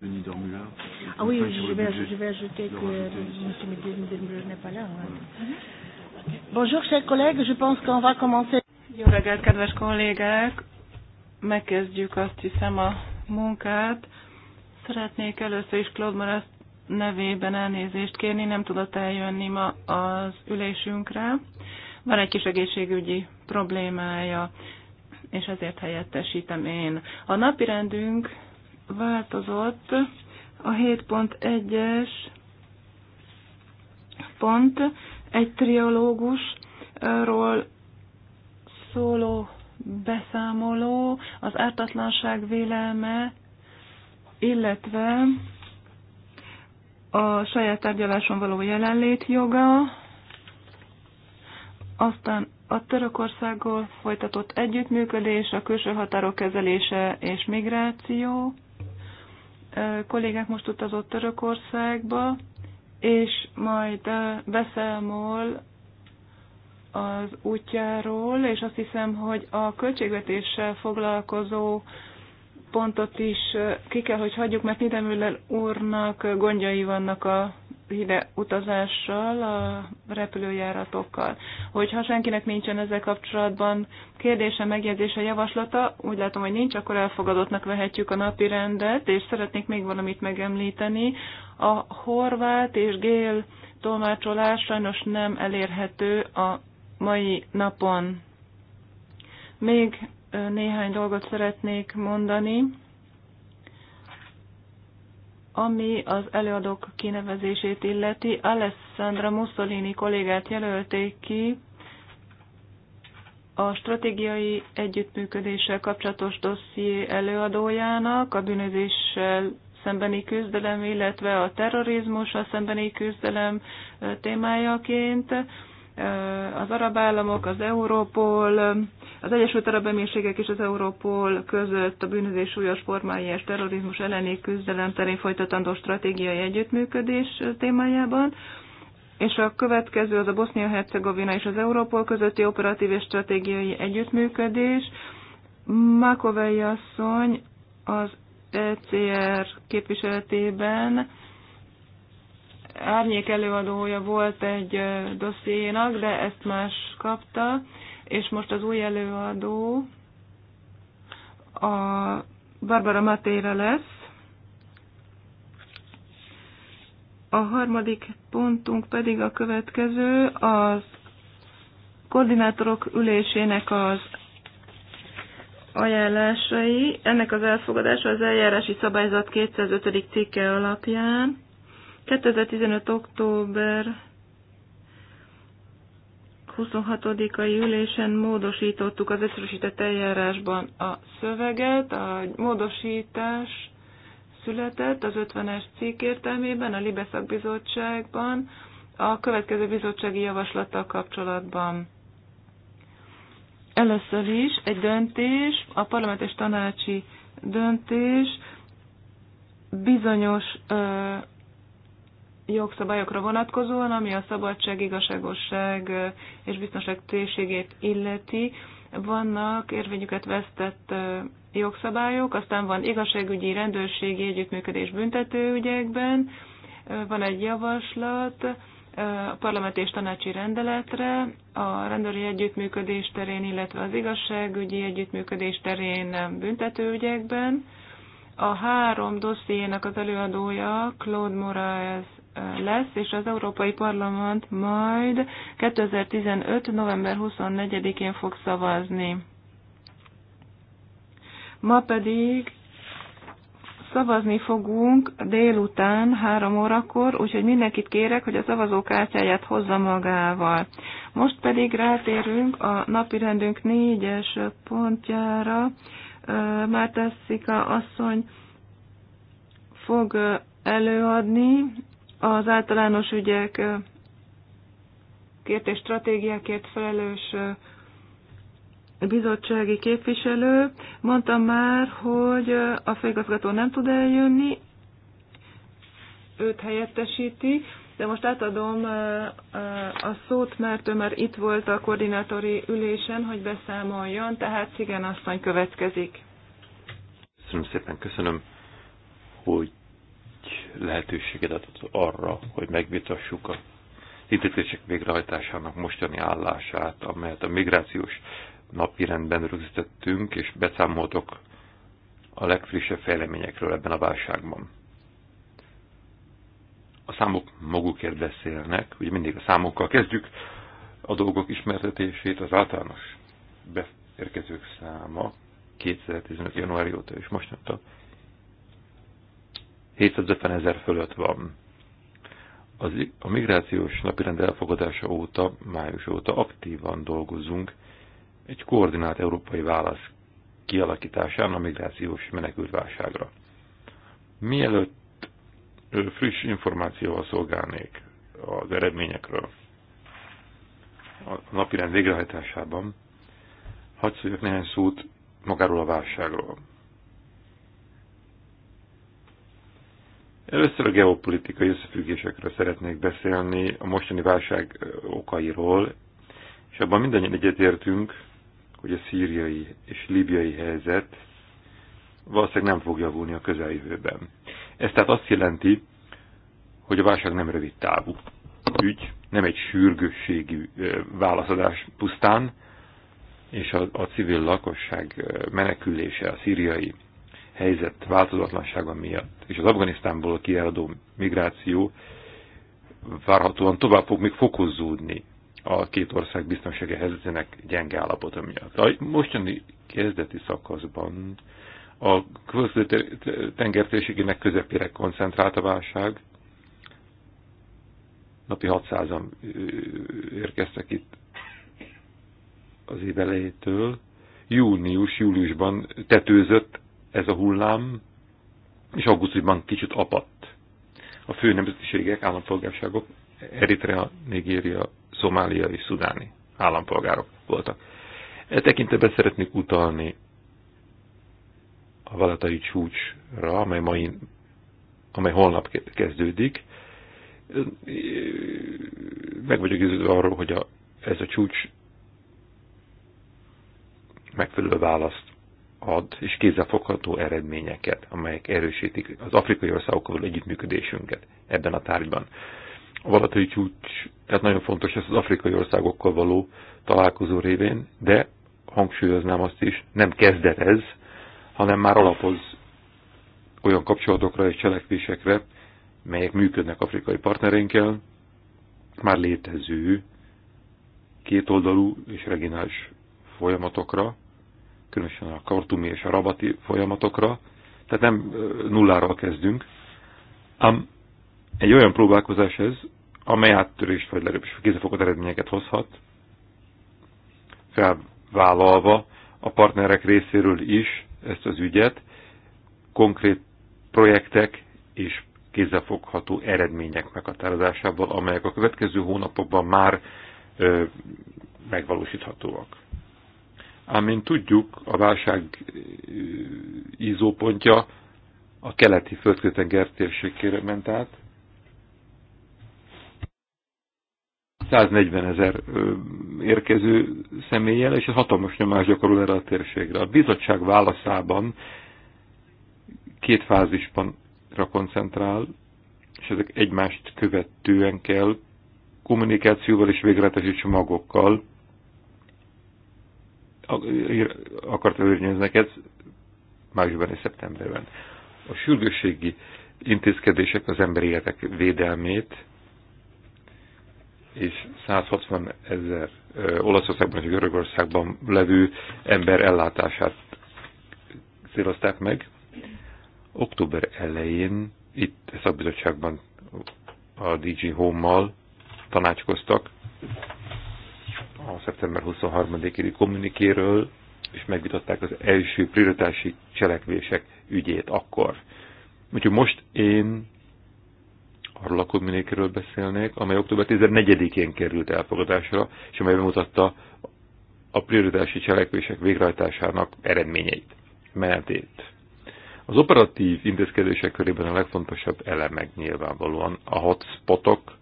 Denis Dormula. Ah oui, je vais, je vais ajouter que M. Dormula n'est pas là. Ouais. Mhm. Bonjour, chers collègues, je pense qu'on va commencer. Jó reggelt, kedves kollégák! Megkezdjük azt hiszem a munkát. Szeretnék először is Claude Marasz nevében elnézést kérni, nem tudott eljönni ma az ülésünkre. Van egy kis egészségügyi problémája, és ezért helyettesítem én. A napirendünk változott. A 7.1-es pont egy triológusról szóló beszámoló, az ártatlanság vélelme, illetve a saját tárgyaláson való jelenlét joga, aztán a Törökországgal folytatott együttműködés, a külső határok kezelése és migráció, kollégák most utazott Törökországba, és majd beszámol az útjáról, és azt hiszem, hogy a költségvetéssel foglalkozó pontot is ki kell, hogy hagyjuk, mert Nidemüller úrnak gondjai vannak a ide utazással, a repülőjáratokkal. Hogyha senkinek nincsen ezzel kapcsolatban kérdése, megjegyzése, javaslata, úgy látom, hogy nincs, akkor elfogadottnak vehetjük a napi rendet, és szeretnék még valamit megemlíteni. A horvát és gél tolmácsolás sajnos nem elérhető a mai napon. Még néhány dolgot szeretnék mondani ami az előadók kinevezését illeti, Alessandra Mussolini kollégát jelölték ki a stratégiai együttműködéssel kapcsolatos dosszié előadójának, a bűnözéssel szembeni küzdelem, illetve a terrorizmussal szembeni küzdelem témájaként az arab államok, az Európol, az Egyesült Arab Emírségek és az Európol között a bűnözés súlyos formái és terrorizmus elleni küzdelem terén folytatandó stratégiai együttműködés témájában, és a következő az a Bosznia-Hercegovina és az Európol közötti operatív és stratégiai együttműködés. Makovei asszony az ECR képviseletében árnyék előadója volt egy dossziénak, de ezt más kapta, és most az új előadó a Barbara Matéra lesz. A harmadik pontunk pedig a következő, az koordinátorok ülésének az ajánlásai. Ennek az elfogadása az eljárási szabályzat 205. cikke alapján. 2015. október 26-ai ülésen módosítottuk az összesített eljárásban a szöveget, a módosítás született az 50-es cikk értelmében, a Libeszak bizottságban, a következő bizottsági javaslattal kapcsolatban. Először is egy döntés, a parlament és tanácsi döntés bizonyos jogszabályokra vonatkozóan, ami a szabadság, igazságosság és biztonság térségét illeti. Vannak érvényüket vesztett jogszabályok, aztán van igazságügyi, rendőrségi együttműködés büntetőügyekben, van egy javaslat a parlament és tanácsi rendeletre, a rendőri együttműködés terén, illetve az igazságügyi együttműködés terén büntetőügyekben. A három dossziénak az előadója Claude Moraes lesz, és az Európai Parlament majd 2015. november 24-én fog szavazni. Ma pedig szavazni fogunk délután három órakor, úgyhogy mindenkit kérek, hogy a szavazókártyáját hozza magával. Most pedig rátérünk a napirendünk négyes pontjára. Márta Szika asszony fog előadni az általános ügyek kért és stratégiákért felelős bizottsági képviselő. Mondtam már, hogy a főigazgató nem tud eljönni, őt helyettesíti, de most átadom a szót, mert ő már itt volt a koordinátori ülésen, hogy beszámoljon, tehát Szigen asszony következik. Köszönöm szépen, köszönöm, hogy lehetőséget adott arra, hogy megvitassuk a hitetések végrehajtásának mostani állását, amelyet a migrációs napirendben rögzítettünk, és beszámoltok a legfrissebb fejleményekről ebben a válságban. A számok magukért beszélnek, ugye mindig a számokkal kezdjük a dolgok ismertetését, az általános beérkezők száma 2015. január óta és mostantól 750 ezer fölött van. Az, a migrációs napirend elfogadása óta, május óta aktívan dolgozunk egy koordinált európai válasz kialakításán a migrációs menekültválságra. Mielőtt friss információval szolgálnék az eredményekről a napirend végrehajtásában, hadd szóljak néhány szót magáról a válságról. Először a geopolitikai összefüggésekről szeretnék beszélni, a mostani válság okairól, és abban mindannyian egyetértünk, hogy a szíriai és libiai helyzet valószínűleg nem fog javulni a közeljövőben. Ez tehát azt jelenti, hogy a válság nem rövid távú ügy, nem egy sürgősségű válaszadás pusztán, és a, a civil lakosság menekülése, a szíriai helyzet változatlansága miatt, és az Afganisztánból kiáradó migráció várhatóan tovább fog még fokozódni a két ország biztonsági helyzetének gyenge állapota miatt. A mostani kezdeti szakaszban a külföldi tengertérségének közepére koncentrált a válság. Napi 600-an érkeztek itt az év elejétől. Június-júliusban tetőzött ez a hullám, és augusztusban kicsit apadt. A fő nemzetiségek, állampolgárságok Eritrea, Nigéria, Szomália és Szudáni állampolgárok voltak. E tekintetben szeretnék utalni a Valatai csúcsra, amely, mai, amely holnap kezdődik. Meg vagyok győződve arról, hogy a, ez a csúcs megfelelő választ ad, és kézzelfogható eredményeket, amelyek erősítik az afrikai országokkal együttműködésünket ebben a tárgyban. A valatai csúcs, tehát nagyon fontos ez az afrikai országokkal való találkozó révén, de hangsúlyoznám azt is, nem kezdet ez, hanem már alapoz olyan kapcsolatokra és cselekvésekre, melyek működnek afrikai partnerénkkel, már létező kétoldalú és regionális folyamatokra, különösen a kartumi és a rabati folyamatokra, tehát nem nulláról kezdünk, ám egy olyan próbálkozás ez, amely áttörést vagy is kézefogott eredményeket hozhat, felvállalva a partnerek részéről is ezt az ügyet, konkrét projektek és kézzelfogható eredmények meghatározásával, amelyek a következő hónapokban már ö, megvalósíthatóak. Ám mint tudjuk, a válság ízópontja a keleti földkötenger térségére ment át. 140 ezer érkező személlyel, és ez hatalmas nyomás gyakorol erre a térségre. A bizottság válaszában két fázisra koncentrál, és ezek egymást követően kell kommunikációval és végletes csomagokkal akartam őrnyőzni ez májusban és szeptemberben. A sürgősségi intézkedések az emberi életek védelmét és 160 ezer Olaszországban és Görögországban levő ember ellátását célozták meg. Október elején itt a szakbizottságban a DG Home-mal tanácskoztak, a szeptember 23-i kommunikéről, és megvitatták az első prioritási cselekvések ügyét akkor. Úgyhogy most én arról a kommunikéről beszélnék, amely október 14-én került elfogadásra, és amely bemutatta a prioritási cselekvések végrehajtásának eredményeit, menetét. Az operatív intézkedések körében a legfontosabb elemek nyilvánvalóan a hotspotok, -ok,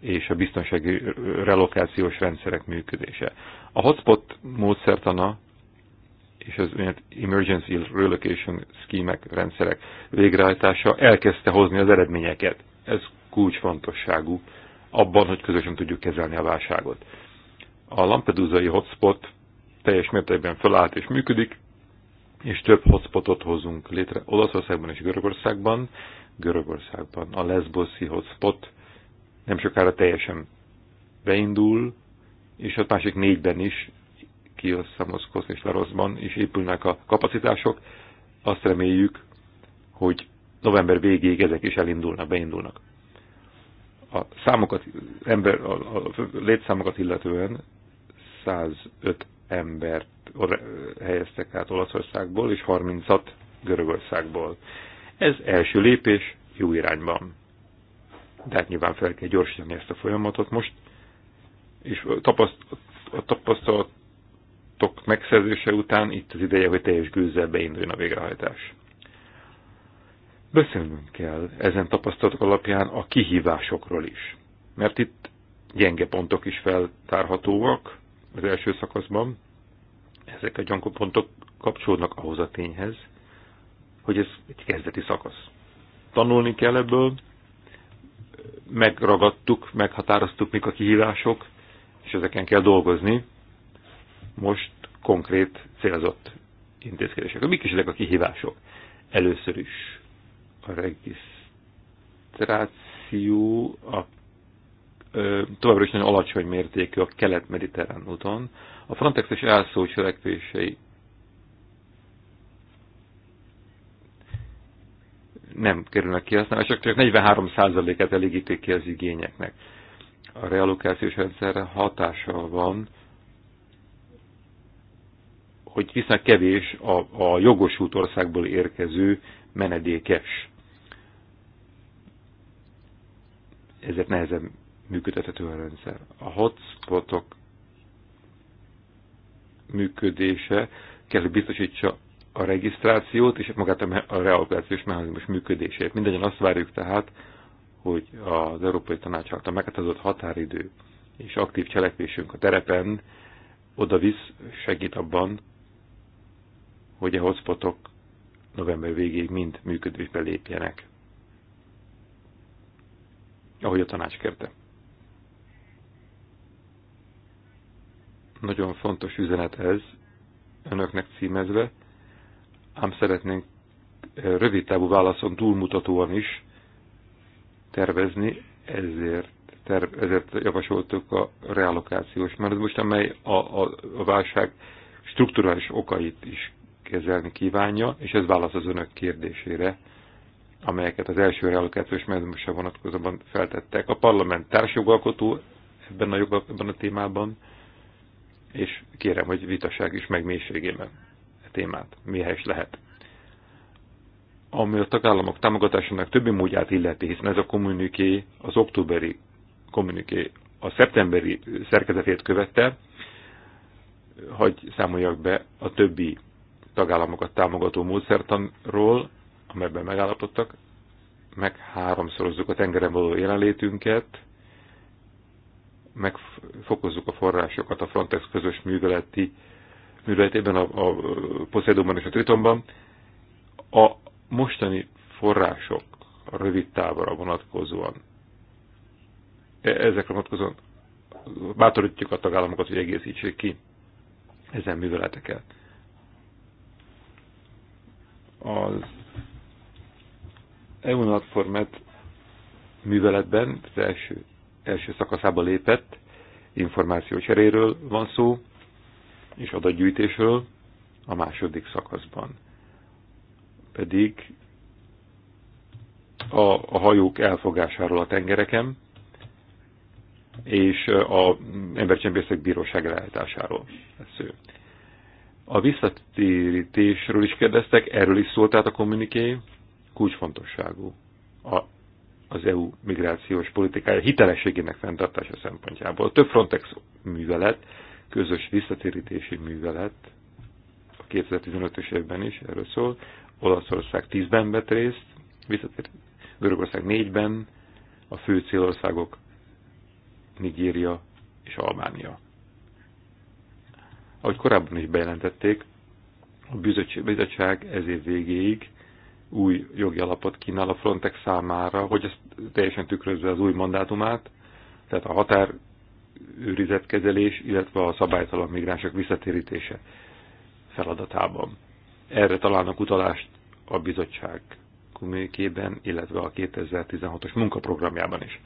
és a biztonsági relokációs rendszerek működése. A hotspot módszertana és az emergency relocation schemek rendszerek végrehajtása elkezdte hozni az eredményeket. Ez kulcsfontosságú abban, hogy közösen tudjuk kezelni a válságot. A Lampedusai hotspot teljes mértékben felállt és működik, és több hotspotot hozunk létre Olaszországban és Görögországban. Görögországban a Lesboszi hotspot nem sokára teljesen beindul, és a másik négyben is és Laroszban, is épülnek a kapacitások. Azt reméljük, hogy november végéig ezek is elindulnak, beindulnak. A számokat, ember, a, a létszámokat illetően 105 embert helyeztek át Olaszországból, és 36 Görögországból. Ez első lépés jó irányban de hát nyilván fel kell gyorsítani ezt a folyamatot most, és a, tapaszt, a tapasztalatok megszerzése után itt az ideje, hogy teljes gőzzel beinduljon a végrehajtás. Beszélnünk kell ezen tapasztalatok alapján a kihívásokról is, mert itt gyenge pontok is feltárhatóak az első szakaszban. Ezek a gyenge pontok kapcsolódnak ahhoz a tényhez, hogy ez egy kezdeti szakasz. Tanulni kell ebből, megragadtuk, meghatároztuk, mik a kihívások, és ezeken kell dolgozni. Most konkrét célzott intézkedések. Mik is ezek a kihívások? Először is a regisztráció a ö, továbbra is nagyon alacsony mértékű a kelet-mediterrán úton. A Frontex és elszó cselekvései nem kerülnek kihasználásra, csak 43%-et elégítik ki az igényeknek. A realokációs rendszerre hatása van, hogy viszont kevés a, a jogosult országból érkező menedékes. Ezért nehezebb működtethető a rendszer. A hotspotok működése kell, hogy biztosítsa a regisztrációt és magát a, a mechanizmus működését. Mindegyen azt várjuk tehát, hogy az Európai Tanács által meghatározott határidő és aktív cselekvésünk a terepen oda visz, segít abban, hogy a hotspotok november végéig mind működésbe lépjenek. Ahogy a tanács kérte. Nagyon fontos üzenet ez, önöknek címezve, ám szeretnénk rövid távú válaszon túlmutatóan is tervezni, ezért, terv, ezért javasoltuk a reallokációs, mert most amely a, a, a válság strukturális okait is kezelni kívánja, és ez válasz az önök kérdésére, amelyeket az első reallokációs mechanizmusra vonatkozóban feltettek. A parlament társjogalkotó ebben a, jog, ebben a témában, és kérem, hogy vitaság is meg mélységében témát, mihez is lehet. Ami a tagállamok támogatásának többi módját illeti, hiszen ez a kommuniké, az októberi kommuniké, a szeptemberi szerkezetét követte, hogy számoljak be a többi tagállamokat támogató módszertanról, amelyben megállapodtak, meg háromszorozzuk a tengeren való jelenlétünket, megfokozzuk a forrásokat a Frontex közös műveleti műveletében, a, a Poseidonban és a Tritonban, a mostani források a rövid távra vonatkozóan, e, ezekre vonatkozóan bátorítjuk a tagállamokat, hogy egészítsék ki ezen műveleteket. Az EU Format műveletben az első, első szakaszába lépett információ cseréről van szó, és adatgyűjtésről a második szakaszban. Pedig a, a hajók elfogásáról a tengereken, és az embercsempészek bíróság leállításáról lesz A visszatérítésről is kérdeztek, erről is szólt át a kommuniké, kulcsfontosságú a, az EU migrációs politikája hitelességének fenntartása szempontjából. Több Frontex művelet, közös visszatérítési művelet a 2015-ös évben is, erről szól. Olaszország 10-ben vett részt, Görögország 4-ben, a fő célországok Nigéria és Albánia. Ahogy korábban is bejelentették, a bizottság ez év végéig új jogi alapot kínál a Frontex számára, hogy ezt teljesen tükrözze az új mandátumát, tehát a határ őrizetkezelés, illetve a szabálytalan migránsok visszatérítése feladatában. Erre találnak utalást a bizottság kommunikében, illetve a 2016-os munkaprogramjában is.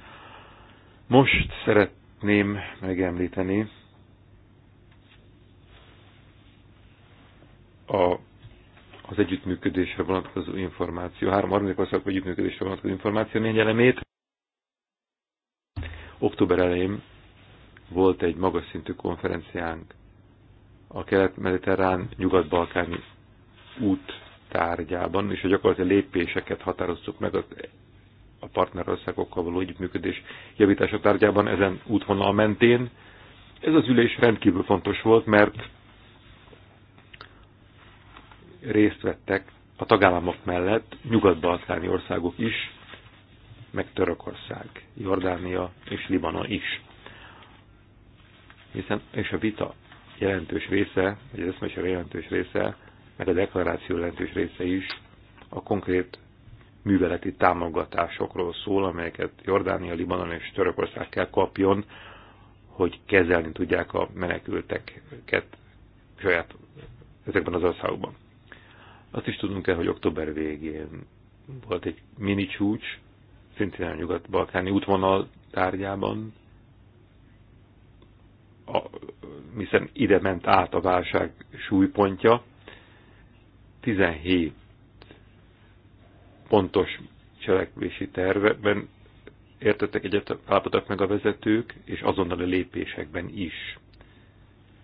Most szeretném megemlíteni a az együttműködésre vonatkozó információ, három harmadik országok együttműködésre vonatkozó információ négy elemét. Október elején volt egy magas szintű konferenciánk a kelet-mediterrán nyugat-balkáni út tárgyában, és a gyakorlati lépéseket határoztuk meg az a partnerországokkal való együttműködés javítása tárgyában ezen útvonal mentén. Ez az ülés rendkívül fontos volt, mert részt vettek a tagállamok mellett nyugat-balkáni országok is, meg Törökország, Jordánia és Libanon is hiszen és a vita jelentős része, vagy az a jelentős része, meg a deklaráció jelentős része is a konkrét műveleti támogatásokról szól, amelyeket Jordánia, Libanon és Törökország kell kapjon, hogy kezelni tudják a menekülteket saját ezekben az országokban. Azt is tudnunk kell, hogy október végén volt egy mini csúcs, szintén a nyugat-balkáni útvonal tárgyában, a, hiszen ide ment át a válság súlypontja. 17 pontos cselekvési tervben értettek egyet, állapodtak meg a vezetők, és azonnali lépésekben is.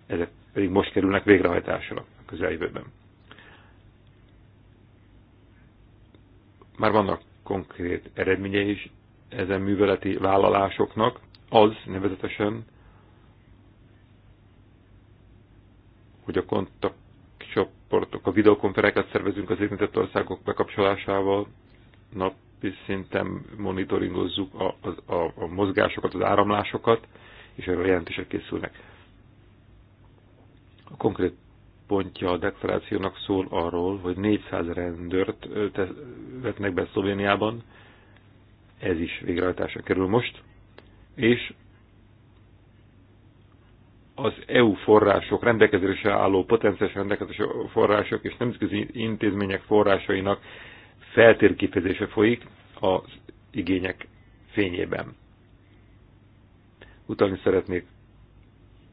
Ezek pedig most kerülnek végrehajtásra a közeljövőben. Már vannak konkrét eredményei is ezen műveleti vállalásoknak, az nevezetesen, hogy a kontaktcsoportok, a videokonferákat szervezünk az érintett országok bekapcsolásával, napi szinten monitoringozzuk a, a, a, a mozgásokat, az áramlásokat, és erről jelentések készülnek. A konkrét pontja a deklarációnak szól arról, hogy 400 rendőrt vetnek be Szlovéniában, ez is végrehajtásra kerül most, és az EU források, rendelkezésre álló potenciális rendelkezésre források és nemzetközi intézmények forrásainak feltérképezése folyik az igények fényében. Utalni szeretnék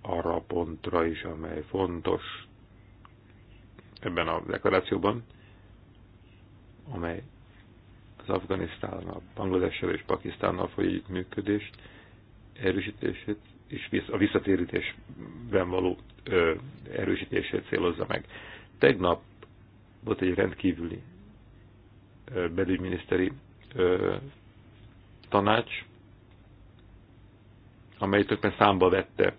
arra a pontra is, amely fontos ebben a deklarációban, amely az Afganisztánnal, Bangladessel és Pakisztánnal folyó működést erősítését és a visszatérítésben való ö, erősítését célozza meg. Tegnap volt egy rendkívüli ö, belügyminiszteri ö, tanács, amely többen számba vette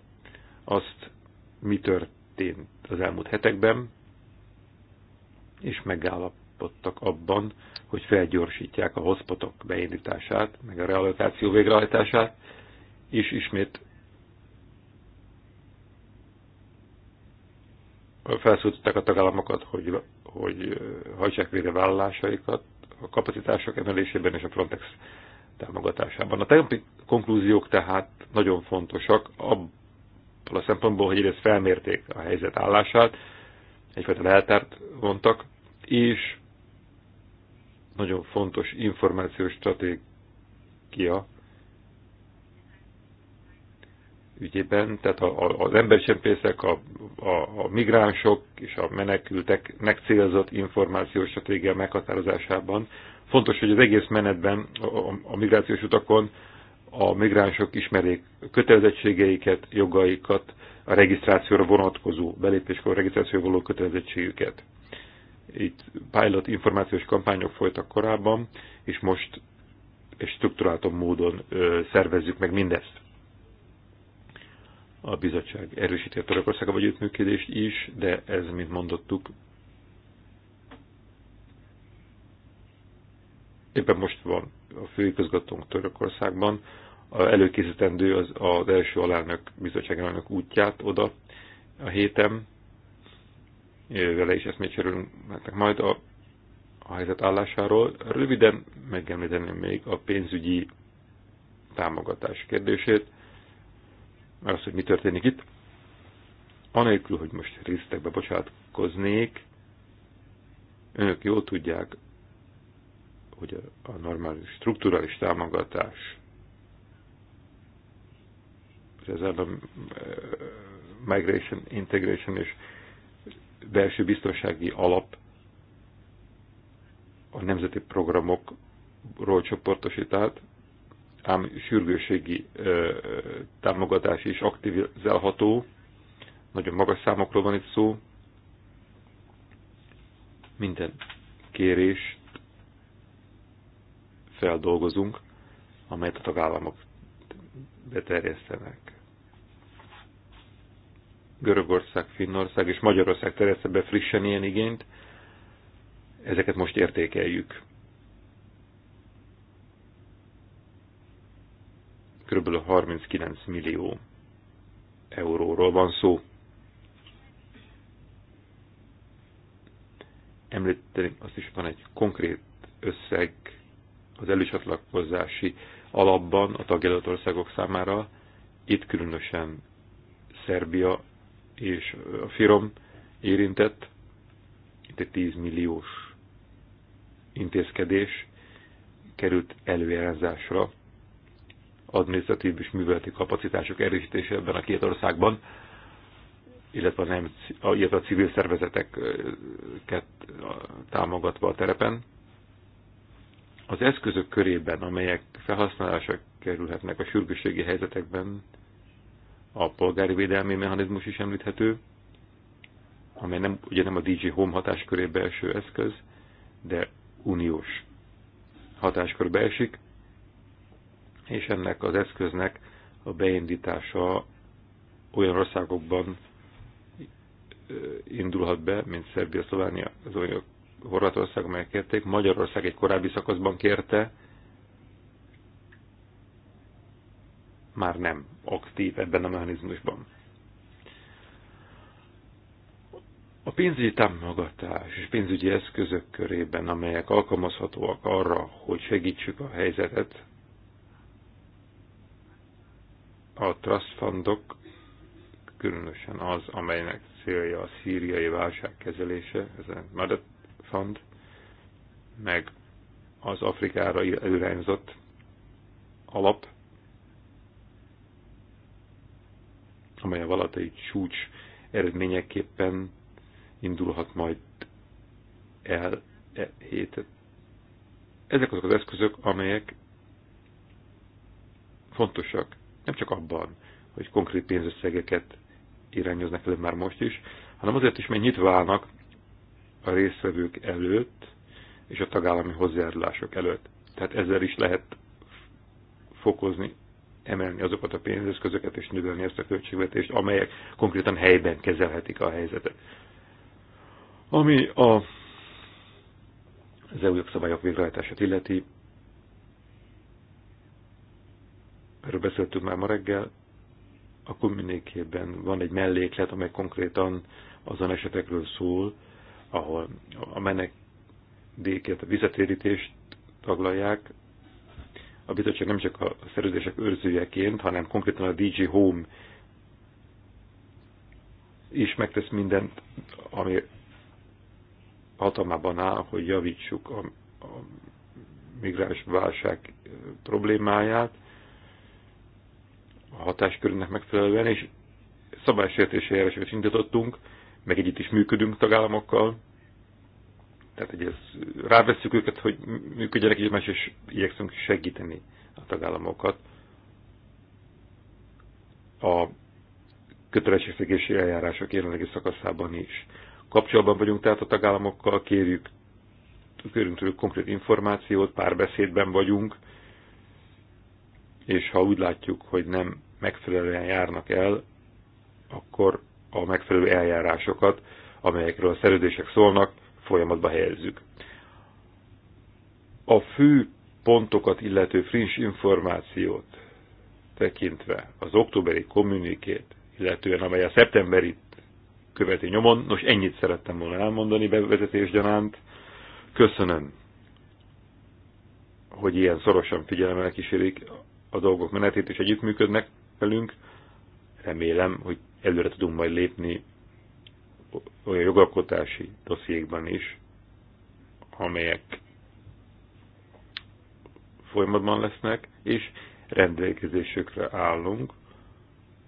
azt, mi történt az elmúlt hetekben, és megállapodtak abban, hogy felgyorsítják a hotspotok beindítását, meg a realitáció végrehajtását, és ismét felszólították a tagállamokat, hogy, hogy hajtsák végre vállalásaikat a kapacitások emelésében és a Frontex támogatásában. A tegnapi konklúziók tehát nagyon fontosak abban a szempontból, hogy egyrészt felmérték a helyzet állását, egyfajta leltárt vontak, és nagyon fontos információs stratégia ügyében, tehát a, a, az embercsempészek, a, a, a migránsok és a menekültek megcélzott információs stratégia meghatározásában. Fontos, hogy az egész menetben a, a, a migrációs utakon a migránsok ismerik kötelezettségeiket, jogaikat, a regisztrációra vonatkozó, belépéskor regisztrációra való kötelezettségüket. Itt pilot információs kampányok folytak korábban, és most és struktúráltabb módon ö, szervezzük meg mindezt a bizottság erősíti a Törökországgal együttműködést is, de ez, mint mondottuk, éppen most van a főigazgatónk Törökországban, előkészítendő az, az első alelnök, bizottságelnök útját oda a héten. Vele is eszmét cserélünk majd a, a helyzet állásáról. Röviden megemlíteném még a pénzügyi támogatás kérdését az, hogy mi történik itt. Anélkül, hogy most részletekbe bocsátkoznék, önök jól tudják, hogy a normális strukturális támogatás ez a migration, integration és belső biztonsági alap a nemzeti programokról csoportosítált, ám sürgőségi támogatás is aktivizálható. Nagyon magas számokról van itt szó. Minden kérést feldolgozunk, amelyet a tagállamok beterjesztenek. Görögország, Finnország és Magyarország terjeszte be frissen ilyen igényt. Ezeket most értékeljük. kb. 39 millió euróról van szó. Említeni azt is van egy konkrét összeg az előcsatlakozási alapban a tagjelölt országok számára, itt különösen Szerbia és a Firom érintett, itt egy 10 milliós intézkedés került előjelzásra administratív és műveleti kapacitások erősítése ebben a két országban, illetve, nem, illetve a civil szervezeteket támogatva a terepen. Az eszközök körében, amelyek felhasználásra kerülhetnek a sürgősségi helyzetekben, a polgári védelmi mechanizmus is említhető, amely nem, ugye nem a DJ Home hatáskörébe eső eszköz, de uniós hatáskörbe esik, és ennek az eszköznek a beindítása olyan országokban indulhat be, mint Szerbia, Szlovánia, az olyan Horvátország, amelyek kérték. Magyarország egy korábbi szakaszban kérte, már nem aktív ebben a mechanizmusban. A pénzügyi támogatás és pénzügyi eszközök körében, amelyek alkalmazhatóak arra, hogy segítsük a helyzetet, A trasztandok, különösen az, amelynek célja a szíriai válság kezelése, ez a Madat Fund, meg az Afrikára irányzott alap, amely a valatai csúcs eredményeképpen indulhat majd el e hétet. Ezek azok az eszközök, amelyek fontosak nem csak abban, hogy konkrét pénzösszegeket irányoznak elő már most is, hanem azért is, mert nyitva állnak a részvevők előtt és a tagállami hozzájárulások előtt. Tehát ezzel is lehet fokozni, emelni azokat a pénzeszközöket és növelni ezt a költségvetést, amelyek konkrétan helyben kezelhetik a helyzetet. Ami a, az EU jogszabályok végrehajtását illeti, erről beszéltünk már ma reggel, a kommunikében van egy melléklet, amely konkrétan azon esetekről szól, ahol a menedéket, a visszatérítést taglalják. A bizottság nem csak a szerződések őrzőjeként, hanem konkrétan a DG Home is megtesz mindent, ami hatalmában áll, hogy javítsuk a, a migráns válság problémáját, a hatáskörünknek megfelelően, és szabálysértési eljárásokat indítottunk, meg együtt is működünk tagállamokkal, tehát hogy ez, rávesszük őket, hogy működjenek egymás, és igyekszünk segíteni a tagállamokat a kötelességszegési eljárások jelenlegi szakaszában is. Kapcsolatban vagyunk tehát a tagállamokkal, kérjük, kérünk tőlük konkrét információt, párbeszédben vagyunk, és ha úgy látjuk, hogy nem megfelelően járnak el, akkor a megfelelő eljárásokat, amelyekről a szerződések szólnak, folyamatba helyezzük. A fő pontokat illető friss információt tekintve az októberi kommunikét, illetően amely a szeptemberi követi nyomon, nos ennyit szerettem volna elmondani bevezetésgyanánt. Köszönöm, hogy ilyen szorosan figyelemmel kísérik a dolgok menetét is együttműködnek velünk. Remélem, hogy előre tudunk majd lépni olyan jogalkotási dossziékban is, amelyek folyamatban lesznek, és rendelkezésükre állunk,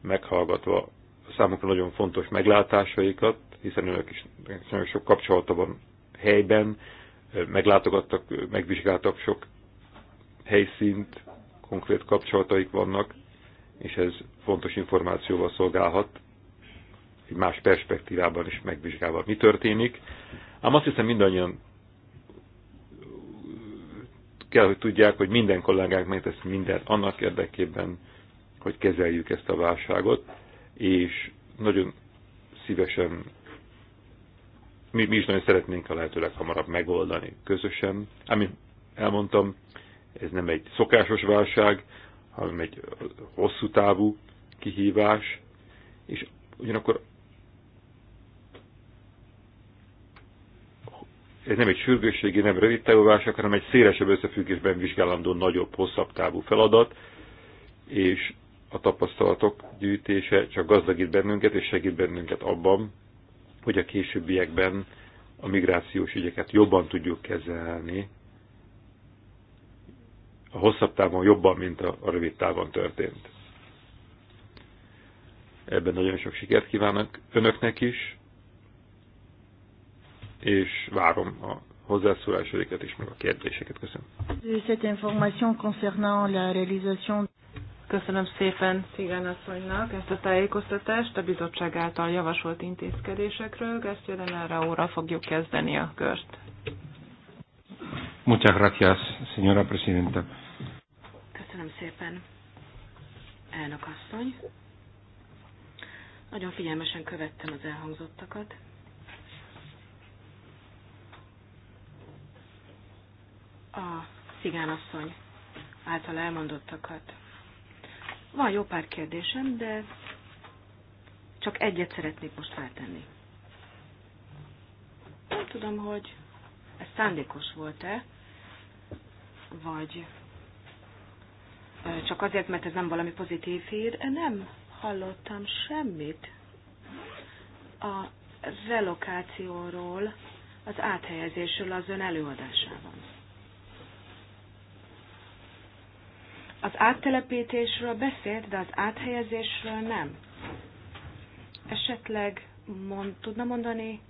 meghallgatva a számukra nagyon fontos meglátásaikat, hiszen önök is nagyon sok kapcsolata van helyben, meglátogattak, megvizsgáltak sok helyszínt, konkrét kapcsolataik vannak, és ez fontos információval szolgálhat, egy más perspektívában is megvizsgálva, mi történik. Ám azt hiszem mindannyian kell, hogy tudják, hogy minden kollégánk megtesz mindent annak érdekében, hogy kezeljük ezt a válságot, és nagyon szívesen mi, mi is nagyon szeretnénk a lehető leghamarabb megoldani közösen. Ami elmondtam, ez nem egy szokásos válság, hanem egy hosszú távú kihívás, és ugyanakkor ez nem egy sürgősségi, nem rövid távú válság, hanem egy szélesebb összefüggésben vizsgálandó, nagyobb, hosszabb távú feladat, és a tapasztalatok gyűjtése csak gazdagít bennünket, és segít bennünket abban, hogy a későbbiekben a migrációs ügyeket jobban tudjuk kezelni, a hosszabb távon jobban, mint a, rövid távon történt. Ebben nagyon sok sikert kívánok önöknek is, és várom a hozzászólásaikat és meg a kérdéseket. Köszönöm. Köszönöm szépen Szigán asszonynak ezt a tájékoztatást a bizottság által javasolt intézkedésekről. ezt erre óra fogjuk kezdeni a kört. Muchas gracias, señora presidenta. Köszönöm szépen, elnök asszony. Nagyon figyelmesen követtem az elhangzottakat. A cigánasszony által elmondottakat. Van jó pár kérdésem, de csak egyet szeretnék most feltenni. Nem tudom, hogy ez szándékos volt-e, vagy csak azért, mert ez nem valami pozitív hír, nem hallottam semmit a relokációról, az áthelyezésről az ön előadásában. Az áttelepítésről beszélt, de az áthelyezésről nem. Esetleg mond, tudna mondani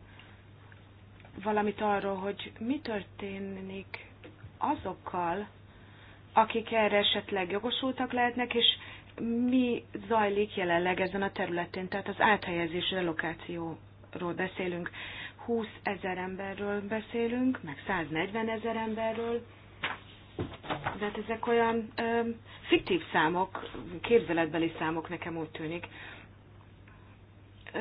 valamit arról, hogy mi történik azokkal, akik erre esetleg jogosultak lehetnek, és mi zajlik jelenleg ezen a területén, tehát az áthelyezés relokációról beszélünk. 20 ezer emberről beszélünk, meg 140 ezer emberről, de hát ezek olyan ö, fiktív számok, képzeletbeli számok nekem úgy tűnik.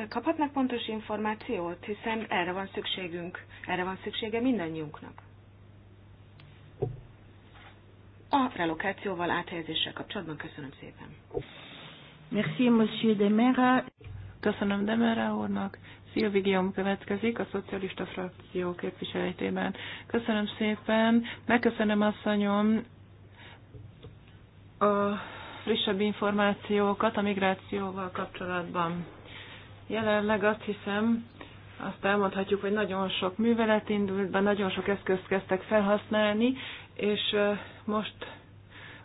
Kaphatnak pontos információt, hiszen erre van szükségünk, erre van szüksége mindannyiunknak a relokációval, áthelyezéssel kapcsolatban. Köszönöm szépen. Merci, Monsieur Demera. Köszönöm Demera úrnak. Szilvi Guillaume következik a szocialista frakció képviseletében. Köszönöm szépen. Megköszönöm asszonyom a frissebb információkat a migrációval kapcsolatban. Jelenleg azt hiszem, azt elmondhatjuk, hogy nagyon sok művelet indult be, nagyon sok eszközt kezdtek felhasználni, és most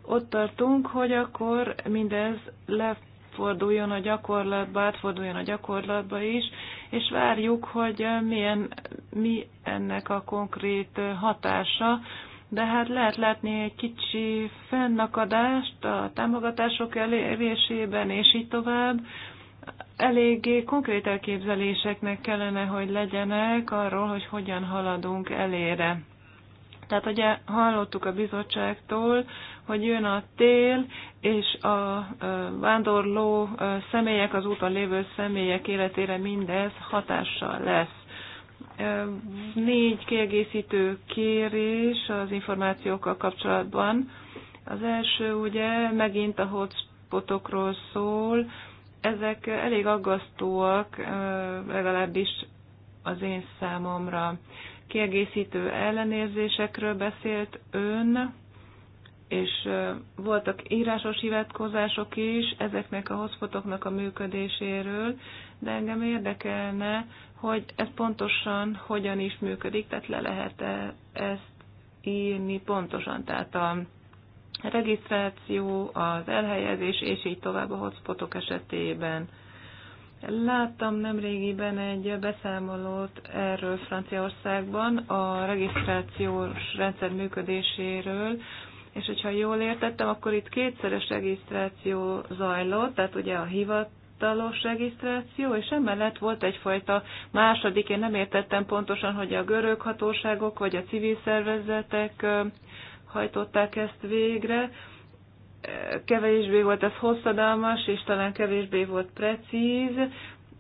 ott tartunk, hogy akkor mindez leforduljon a gyakorlatba, átforduljon a gyakorlatba is, és várjuk, hogy milyen, mi ennek a konkrét hatása, de hát lehet látni egy kicsi fennakadást a támogatások elérésében, és így tovább. Eléggé konkrét elképzeléseknek kellene, hogy legyenek arról, hogy hogyan haladunk elére. Tehát ugye hallottuk a bizottságtól, hogy jön a tél, és a vándorló személyek, az úton lévő személyek életére mindez hatással lesz. Négy kiegészítő kérés az információkkal kapcsolatban. Az első ugye megint a hotspotokról szól. Ezek elég aggasztóak, legalábbis az én számomra kiegészítő ellenérzésekről beszélt ön, és voltak írásos hivatkozások is ezeknek a hozfotoknak a működéséről, de engem érdekelne, hogy ez pontosan hogyan is működik, tehát le lehet -e ezt írni pontosan, tehát a regisztráció, az elhelyezés, és így tovább a hotspotok esetében. Láttam nemrégiben egy beszámolót erről Franciaországban, a regisztrációs rendszer működéséről, és hogyha jól értettem, akkor itt kétszeres regisztráció zajlott, tehát ugye a hivat hivatalos regisztráció, és emellett volt egyfajta második, én nem értettem pontosan, hogy a görög hatóságok vagy a civil szervezetek hajtották ezt végre, kevésbé volt ez hosszadalmas, és talán kevésbé volt precíz,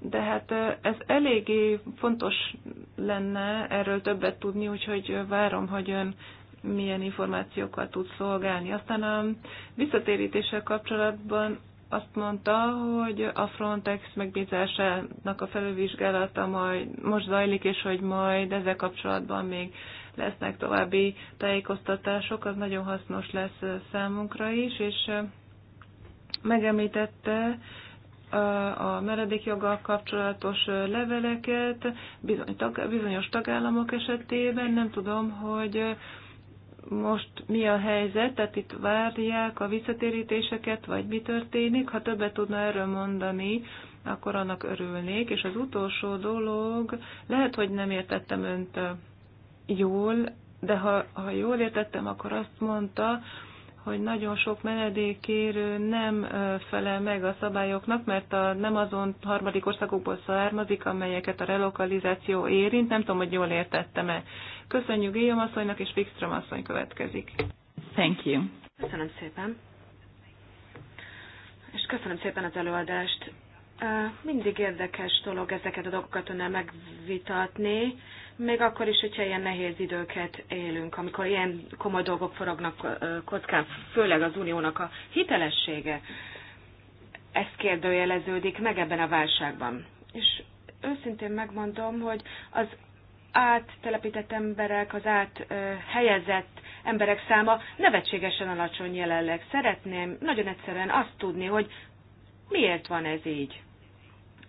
de hát ez eléggé fontos lenne erről többet tudni, úgyhogy várom, hogy ön milyen információkkal tud szolgálni. Aztán a visszatérítéssel kapcsolatban azt mondta, hogy a Frontex megbízásának a felülvizsgálata majd most zajlik, és hogy majd ezzel kapcsolatban még lesznek további tájékoztatások, az nagyon hasznos lesz számunkra is, és megemlítette a meredékjoggal kapcsolatos leveleket bizonyos tagállamok esetében. Nem tudom, hogy most mi a helyzet, tehát itt várják a visszatérítéseket, vagy mi történik. Ha többet tudna erről mondani, akkor annak örülnék. És az utolsó dolog, lehet, hogy nem értettem önt jól, de ha, ha jól értettem, akkor azt mondta, hogy nagyon sok menedékérő nem felel meg a szabályoknak, mert a nem azon harmadik országokból származik, amelyeket a relokalizáció érint. Nem tudom, hogy jól értettem-e. Köszönjük Guillaume asszonynak, és Fixtrom asszony következik. Thank you. Köszönöm szépen. És köszönöm szépen az előadást. Mindig érdekes dolog ezeket a dolgokat önnel megvitatni még akkor is, hogyha ilyen nehéz időket élünk, amikor ilyen komoly dolgok forognak kockán, főleg az uniónak a hitelessége, ez kérdőjeleződik meg ebben a válságban. És őszintén megmondom, hogy az áttelepített emberek, az áthelyezett emberek száma nevetségesen alacsony jelenleg. Szeretném nagyon egyszerűen azt tudni, hogy miért van ez így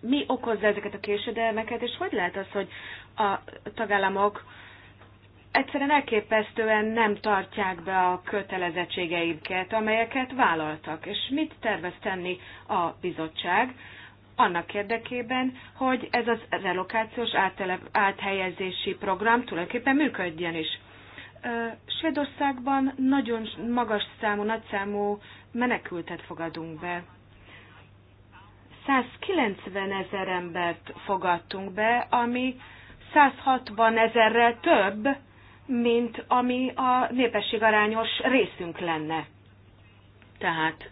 mi okozza ezeket a késedelmeket, és hogy lehet az, hogy a tagállamok egyszerűen elképesztően nem tartják be a kötelezettségeiket, amelyeket vállaltak. És mit tervez tenni a bizottság annak érdekében, hogy ez az relokációs áthelyezési program tulajdonképpen működjön is? Svédországban nagyon magas számú, nagyszámú menekültet fogadunk be 190 ezer embert fogadtunk be, ami 160 ezerrel több, mint ami a népességarányos részünk lenne. Tehát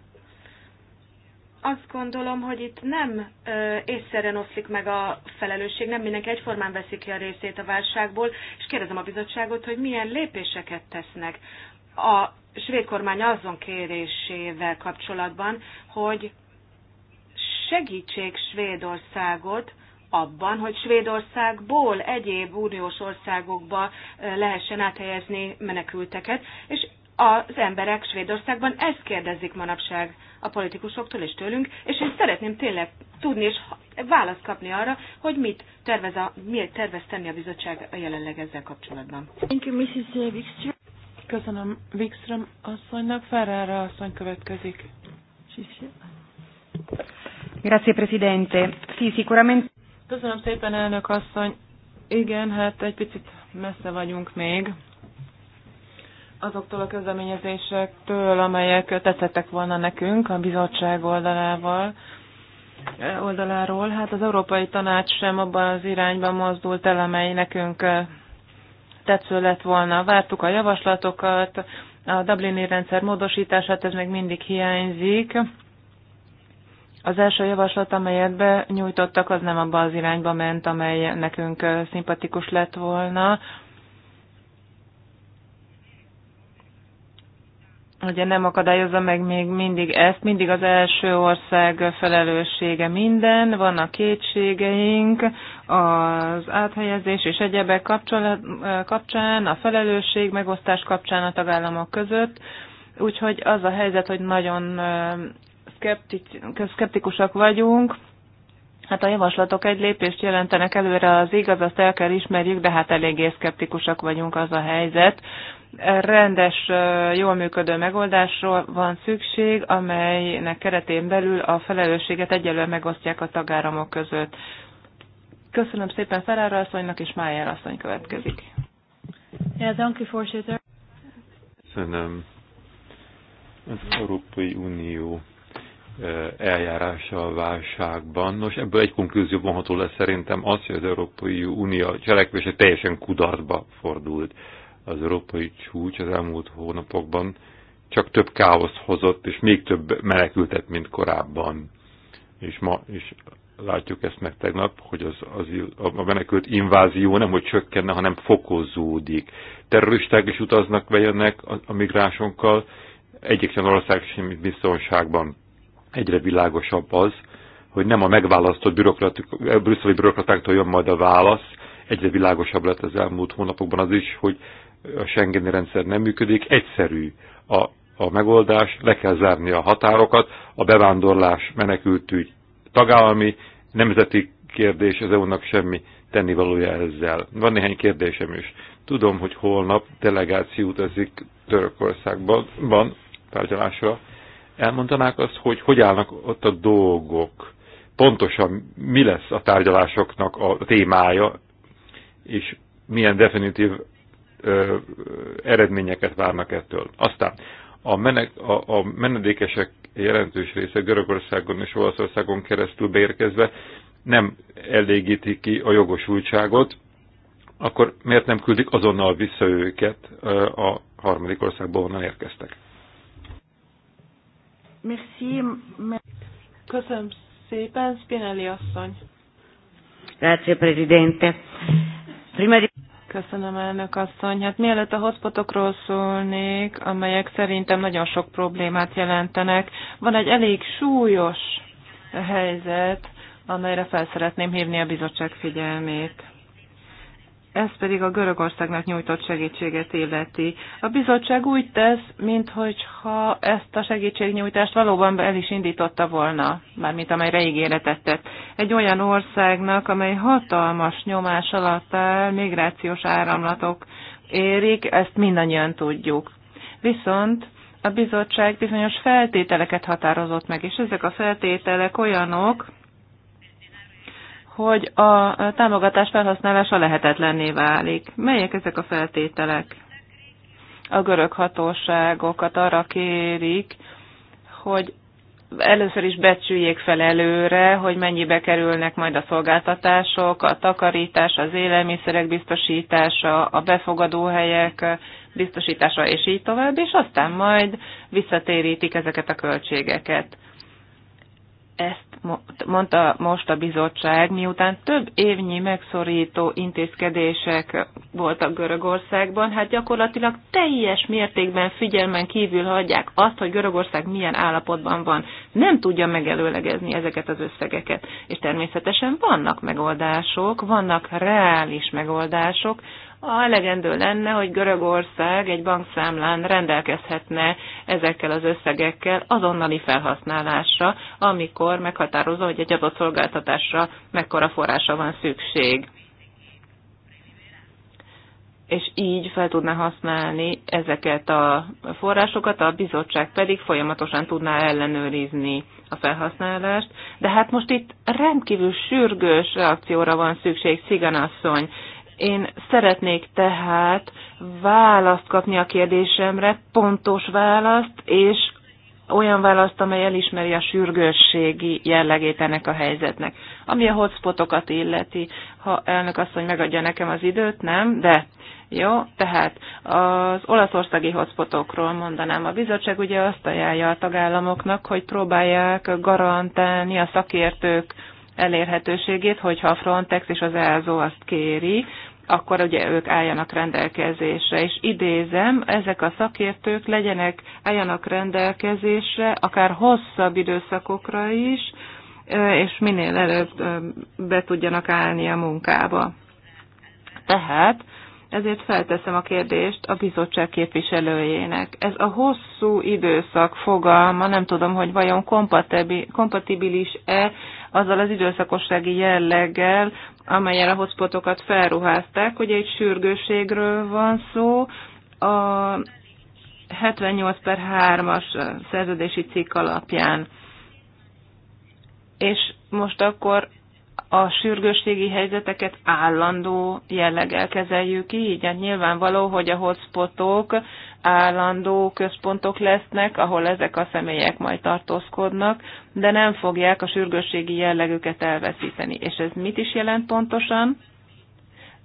azt gondolom, hogy itt nem észszerűen oszlik meg a felelősség, nem mindenki egyformán veszik ki a részét a válságból, és kérdezem a bizottságot, hogy milyen lépéseket tesznek a svéd kormány azon kérésével kapcsolatban, hogy segítsék Svédországot abban, hogy Svédországból egyéb uniós országokba lehessen áthelyezni menekülteket, és az emberek Svédországban ezt kérdezik manapság a politikusoktól és tőlünk, és én szeretném tényleg tudni és választ kapni arra, hogy mit tervez a, miért tervez tenni a bizottság jelenleg ezzel kapcsolatban. Thank you, Mrs. Wikström. Köszönöm Wikström asszonynak, Ferrara asszony következik. Köszönöm. Grazie, Presidente. Sì, sicuramente... Köszönöm szépen, elnök asszony. Igen, hát egy picit messze vagyunk még azoktól a közleményezésektől, amelyek tetszettek volna nekünk a bizottság oldalával, eh, oldaláról. Hát az Európai Tanács sem abban az irányban mozdult el, amely nekünk eh, tetsző lett volna. Vártuk a javaslatokat, a Dublini rendszer módosítását, ez még mindig hiányzik az első javaslat, amelyet benyújtottak, az nem abba az irányba ment, amely nekünk szimpatikus lett volna. Ugye nem akadályozza meg még mindig ezt, mindig az első ország felelőssége minden, vannak kétségeink az áthelyezés és egyebek kapcsán, a felelősség megosztás kapcsán a tagállamok között. Úgyhogy az a helyzet, hogy nagyon szkeptik, szkeptikusak vagyunk, Hát a javaslatok egy lépést jelentenek előre, az igaz, azt el kell ismerjük, de hát eléggé szkeptikusak vagyunk az a helyzet. Rendes, jól működő megoldásról van szükség, amelynek keretén belül a felelősséget egyelően megosztják a tagáramok között. Köszönöm szépen Ferrara asszonynak, és Májer asszony következik. Ja, danke, Köszönöm. Az Európai Unió eljárása a válságban. Nos, ebből egy konklúzió vonható lesz szerintem az, hogy az Európai Unió cselekvése teljesen kudarba fordult. Az európai csúcs az elmúlt hónapokban csak több káoszt hozott, és még több melekültet, mint korábban. És ma is látjuk ezt meg tegnap, hogy az, az, a menekült invázió nem hogy csökkenne, hanem fokozódik. Terroristák is utaznak, bejönnek a, a migránsokkal, egyik sem ország sem biztonságban egyre világosabb az, hogy nem a megválasztott bürokratik, brüsszeli bürokratáktól jön majd a válasz, egyre világosabb lett az elmúlt hónapokban az is, hogy a Schengeni rendszer nem működik, egyszerű a, a megoldás, le kell zárni a határokat, a bevándorlás menekültügy tagállami, nemzeti kérdés, az EU-nak semmi tennivalója ezzel. Van néhány kérdésem is. Tudom, hogy holnap delegáció utazik Törökországban van, tárgyalásra, elmondanák azt, hogy hogy állnak ott a dolgok, pontosan mi lesz a tárgyalásoknak a témája, és milyen definitív ö, eredményeket várnak ettől. Aztán a, menek, a, a menedékesek jelentős része Görögországon és Olaszországon keresztül beérkezve nem elégíti ki a jogosultságot, akkor miért nem küldik azonnal vissza őket a harmadik országból, honnan érkeztek? Merci. Köszönöm szépen, Spinelli asszony. Grazie, Presidente. Prima di... Köszönöm, elnök asszony. Hát mielőtt a hotspotokról szólnék, amelyek szerintem nagyon sok problémát jelentenek, van egy elég súlyos helyzet, amelyre fel szeretném hívni a bizottság figyelmét ez pedig a Görögországnak nyújtott segítséget illeti. A bizottság úgy tesz, minthogyha ezt a segítségnyújtást valóban el is indította volna, mármint amelyre ígéretet tett. Egy olyan országnak, amely hatalmas nyomás alatt áll, migrációs áramlatok érik, ezt mindannyian tudjuk. Viszont a bizottság bizonyos feltételeket határozott meg, és ezek a feltételek olyanok, hogy a támogatás felhasználása lehetetlenné válik. Melyek ezek a feltételek? A görög hatóságokat arra kérik, hogy először is becsüljék fel előre, hogy mennyibe kerülnek majd a szolgáltatások, a takarítás, az élelmiszerek biztosítása, a befogadóhelyek biztosítása, és így tovább, és aztán majd visszatérítik ezeket a költségeket. Ezt mondta most a bizottság, miután több évnyi megszorító intézkedések voltak Görögországban, hát gyakorlatilag teljes mértékben figyelmen kívül hagyják azt, hogy Görögország milyen állapotban van. Nem tudja megelőlegezni ezeket az összegeket. És természetesen vannak megoldások, vannak reális megoldások, a legendő lenne, hogy Görögország egy bankszámlán rendelkezhetne ezekkel az összegekkel azonnali felhasználásra, amikor meghatározza, hogy egy adott szolgáltatásra mekkora forrása van szükség és így fel tudná használni ezeket a forrásokat, a bizottság pedig folyamatosan tudná ellenőrizni a felhasználást. De hát most itt rendkívül sürgős reakcióra van szükség, Sziganasszony. Én szeretnék tehát választ kapni a kérdésemre, pontos választ, és olyan választ, amely elismeri a sürgősségi jellegét ennek a helyzetnek. Ami a hotspotokat illeti, ha elnök azt, mondja, megadja nekem az időt, nem, de jó, tehát az olaszországi hotspotokról mondanám. A bizottság ugye azt ajánlja a tagállamoknak, hogy próbálják garantálni a szakértők elérhetőségét, hogyha a Frontex és az ELZO azt kéri, akkor ugye ők álljanak rendelkezésre. És idézem, ezek a szakértők legyenek, álljanak rendelkezésre, akár hosszabb időszakokra is, és minél előbb be tudjanak állni a munkába. Tehát ezért felteszem a kérdést a bizottság képviselőjének. Ez a hosszú időszak fogalma, nem tudom, hogy vajon kompatibilis-e azzal az időszakossági jelleggel, amelyen a hotspotokat felruházták. hogy egy sürgőségről van szó, a 78 per 3-as szerződési cikk alapján. És most akkor a sürgősségi helyzeteket állandó jelleggel kezeljük így. Hát nyilvánvaló, hogy a hotspotok állandó központok lesznek, ahol ezek a személyek majd tartózkodnak, de nem fogják a sürgősségi jellegüket elveszíteni. És ez mit is jelent pontosan?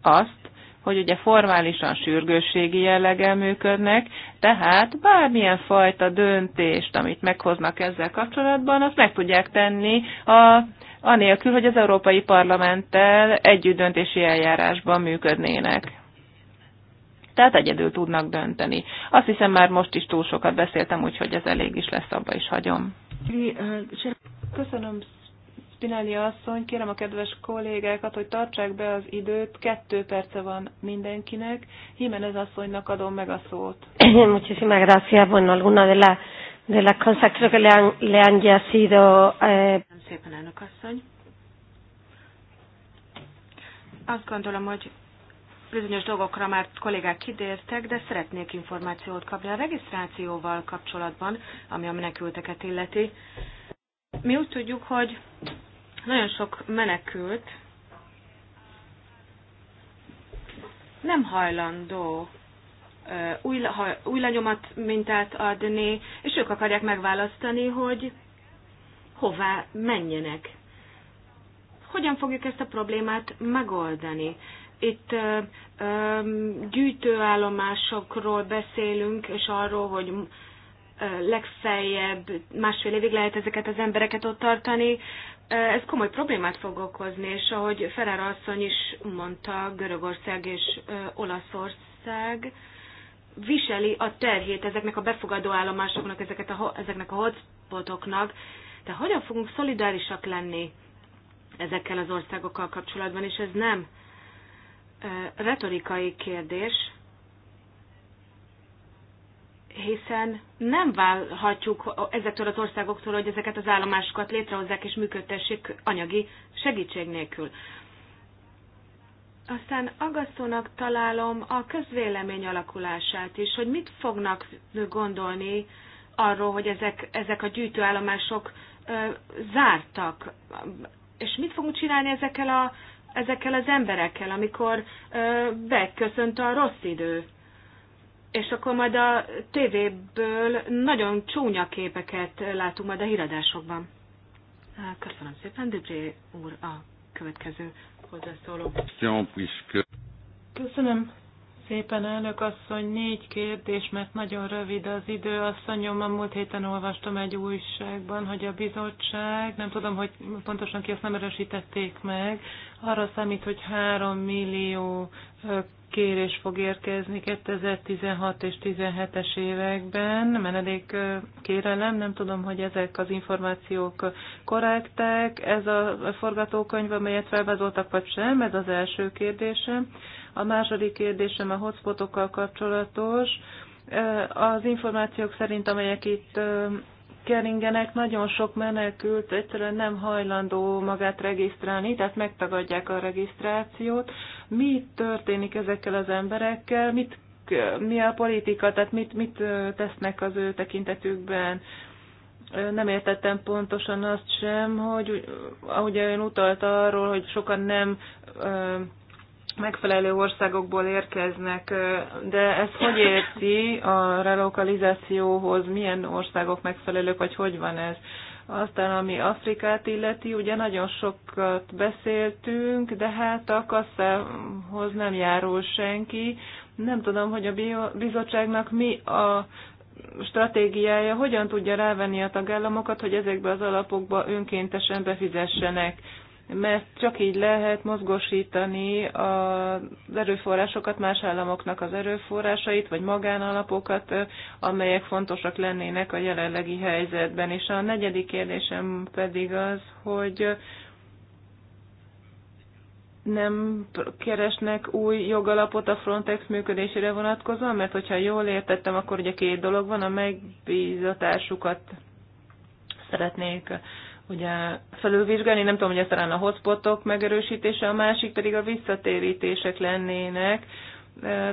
Azt, hogy ugye formálisan sürgősségi jelleggel működnek, tehát bármilyen fajta döntést, amit meghoznak ezzel kapcsolatban, azt meg tudják tenni a anélkül, hogy az Európai Parlamenttel együtt döntési eljárásban működnének. Tehát egyedül tudnak dönteni. Azt hiszem már most is túl sokat beszéltem, úgyhogy ez elég is lesz, abba is hagyom. Köszönöm Spinelli asszony, kérem a kedves kollégákat, hogy tartsák be az időt, kettő perce van mindenkinek. Jimenez asszonynak adom meg a szót. Muchísimas gracias. Bueno, alguna de de las cosas creo que le han, le han ya sido... Eh... Azt gondolom, hogy bizonyos dolgokra már kollégák kidértek, de szeretnék információt kapni a regisztrációval kapcsolatban, ami a menekülteket illeti. Mi úgy tudjuk, hogy nagyon sok menekült nem hajlandó új, ha, új lenyomat mintát adni, és ők akarják megválasztani, hogy hová menjenek. Hogyan fogjuk ezt a problémát megoldani? Itt ö, ö, gyűjtőállomásokról beszélünk, és arról, hogy ö, legfeljebb másfél évig lehet ezeket az embereket ott tartani. Ez komoly problémát fog okozni, és ahogy Ferrara asszony is mondta, Görögország és Olaszország, viseli a terhét ezeknek a befogadó állomásoknak, ezeket a, ezeknek a hotspotoknak. De hogyan fogunk szolidárisak lenni ezekkel az országokkal kapcsolatban, és ez nem retorikai kérdés, hiszen nem válhatjuk ezektől az országoktól, hogy ezeket az állomásokat létrehozzák és működtessék anyagi segítség nélkül. Aztán aggasztónak találom a közvélemény alakulását is, hogy mit fognak gondolni arról, hogy ezek, ezek a gyűjtőállomások ö, zártak, és mit fogunk csinálni ezekkel, a, ezekkel az emberekkel, amikor ö, beköszönt a rossz idő. És akkor majd a tévéből nagyon csúnya képeket látunk majd a híradásokban. Köszönöm szépen, Dubré úr, a következő hozzászóló. Köszönöm szépen, elnök asszony. Négy kérdés, mert nagyon rövid az idő. Asszonyom, a múlt héten olvastam egy újságban, hogy a bizottság, nem tudom, hogy pontosan ki azt nem erősítették meg, arra számít, hogy 3 millió kérés fog érkezni 2016 és 17-es években, menedék kérelem, nem tudom, hogy ezek az információk korrektek, ez a forgatókönyv, amelyet felvázoltak, vagy sem, ez az első kérdésem. A második kérdésem a hotspotokkal kapcsolatos. Az információk szerint, amelyek itt keringenek, nagyon sok menekült egyszerűen nem hajlandó magát regisztrálni, tehát megtagadják a regisztrációt. Mi történik ezekkel az emberekkel, mit, mi a politika, tehát mit, mit tesznek az ő tekintetükben? Nem értettem pontosan azt sem, hogy ahogy ön utalta arról, hogy sokan nem megfelelő országokból érkeznek, de ez hogy érti a relokalizációhoz, milyen országok megfelelők, vagy hogy van ez? Aztán, ami Afrikát illeti, ugye nagyon sokat beszéltünk, de hát a kasszához nem járul senki. Nem tudom, hogy a bizottságnak mi a stratégiája, hogyan tudja rávenni a tagállamokat, hogy ezekbe az alapokba önkéntesen befizessenek mert csak így lehet mozgosítani az erőforrásokat, más államoknak az erőforrásait, vagy magánalapokat, amelyek fontosak lennének a jelenlegi helyzetben. És a negyedik kérdésem pedig az, hogy nem keresnek új jogalapot a Frontex működésére vonatkozóan? Mert hogyha jól értettem, akkor ugye két dolog van, a megbízatásukat szeretnék ugye felülvizsgálni, nem tudom, hogy ez talán a hotspotok megerősítése, a másik pedig a visszatérítések lennének.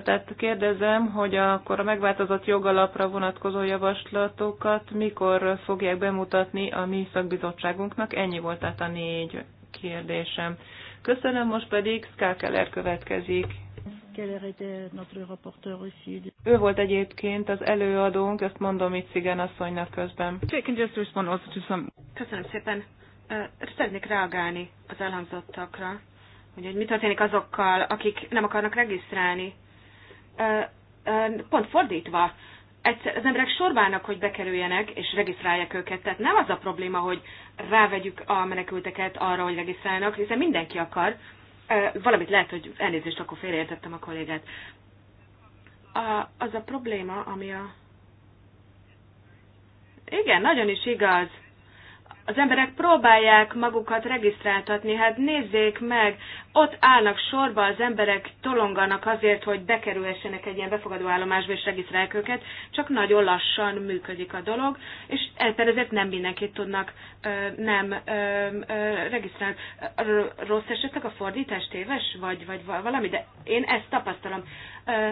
Tehát kérdezem, hogy akkor a megváltozott jogalapra vonatkozó javaslatokat mikor fogják bemutatni a mi szakbizottságunknak? Ennyi volt tehát a négy kérdésem. Köszönöm, most pedig Skákeller következik. Ő volt egyébként az előadónk, ezt mondom itt Szigen asszonynak közben. Köszönöm szépen. Szeretnék reagálni az elhangzottakra, hogy, hogy mi történik azokkal, akik nem akarnak regisztrálni. Pont fordítva, egyszer, az emberek sorbának, hogy bekerüljenek és regisztrálják őket. Tehát nem az a probléma, hogy rávegyük a menekülteket arra, hogy regisztrálnak, hiszen mindenki akar, valamit lehet, hogy elnézést, akkor félreértettem a kollégát. A, az a probléma, ami a... Igen, nagyon is igaz az emberek próbálják magukat regisztráltatni, hát nézzék meg, ott állnak sorba, az emberek tolonganak azért, hogy bekerülhessenek egy ilyen befogadó állomásba és regisztrálják őket, csak nagyon lassan működik a dolog, és ebben ezért nem mindenkit tudnak nem regisztrálni. Rossz esetleg a fordítás téves, vagy, vagy valami, de én ezt tapasztalom.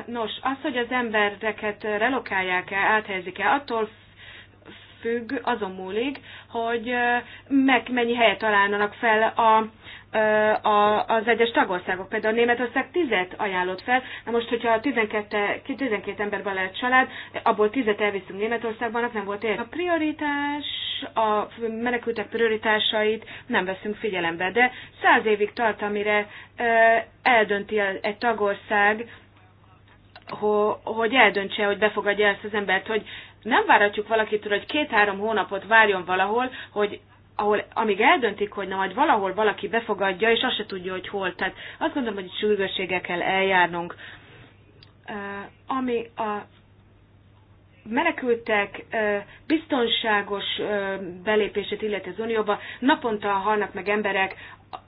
Nos, az, hogy az embereket relokálják-e, áthelyezik-e, attól függ, azon múlik, hogy meg mennyi helyet találnak fel a, a, az egyes tagországok. Például Németország tizet ajánlott fel, na most, hogyha 12, 12 emberben lehet család, abból tizet elviszünk Németországban, az nem volt ér A prioritás, a menekültek prioritásait nem veszünk figyelembe, de száz évig tart, amire eldönti egy tagország, hogy eldöntse, hogy befogadja ezt az embert, hogy nem váratjuk valakitől, hogy két-három hónapot várjon valahol, hogy ahol, amíg eldöntik, hogy na majd valahol valaki befogadja, és azt se tudja, hogy hol. Tehát azt gondolom, hogy sürgősséggel kell eljárnunk. Uh, ami a menekültek biztonságos belépését illeti az Unióba, naponta halnak meg emberek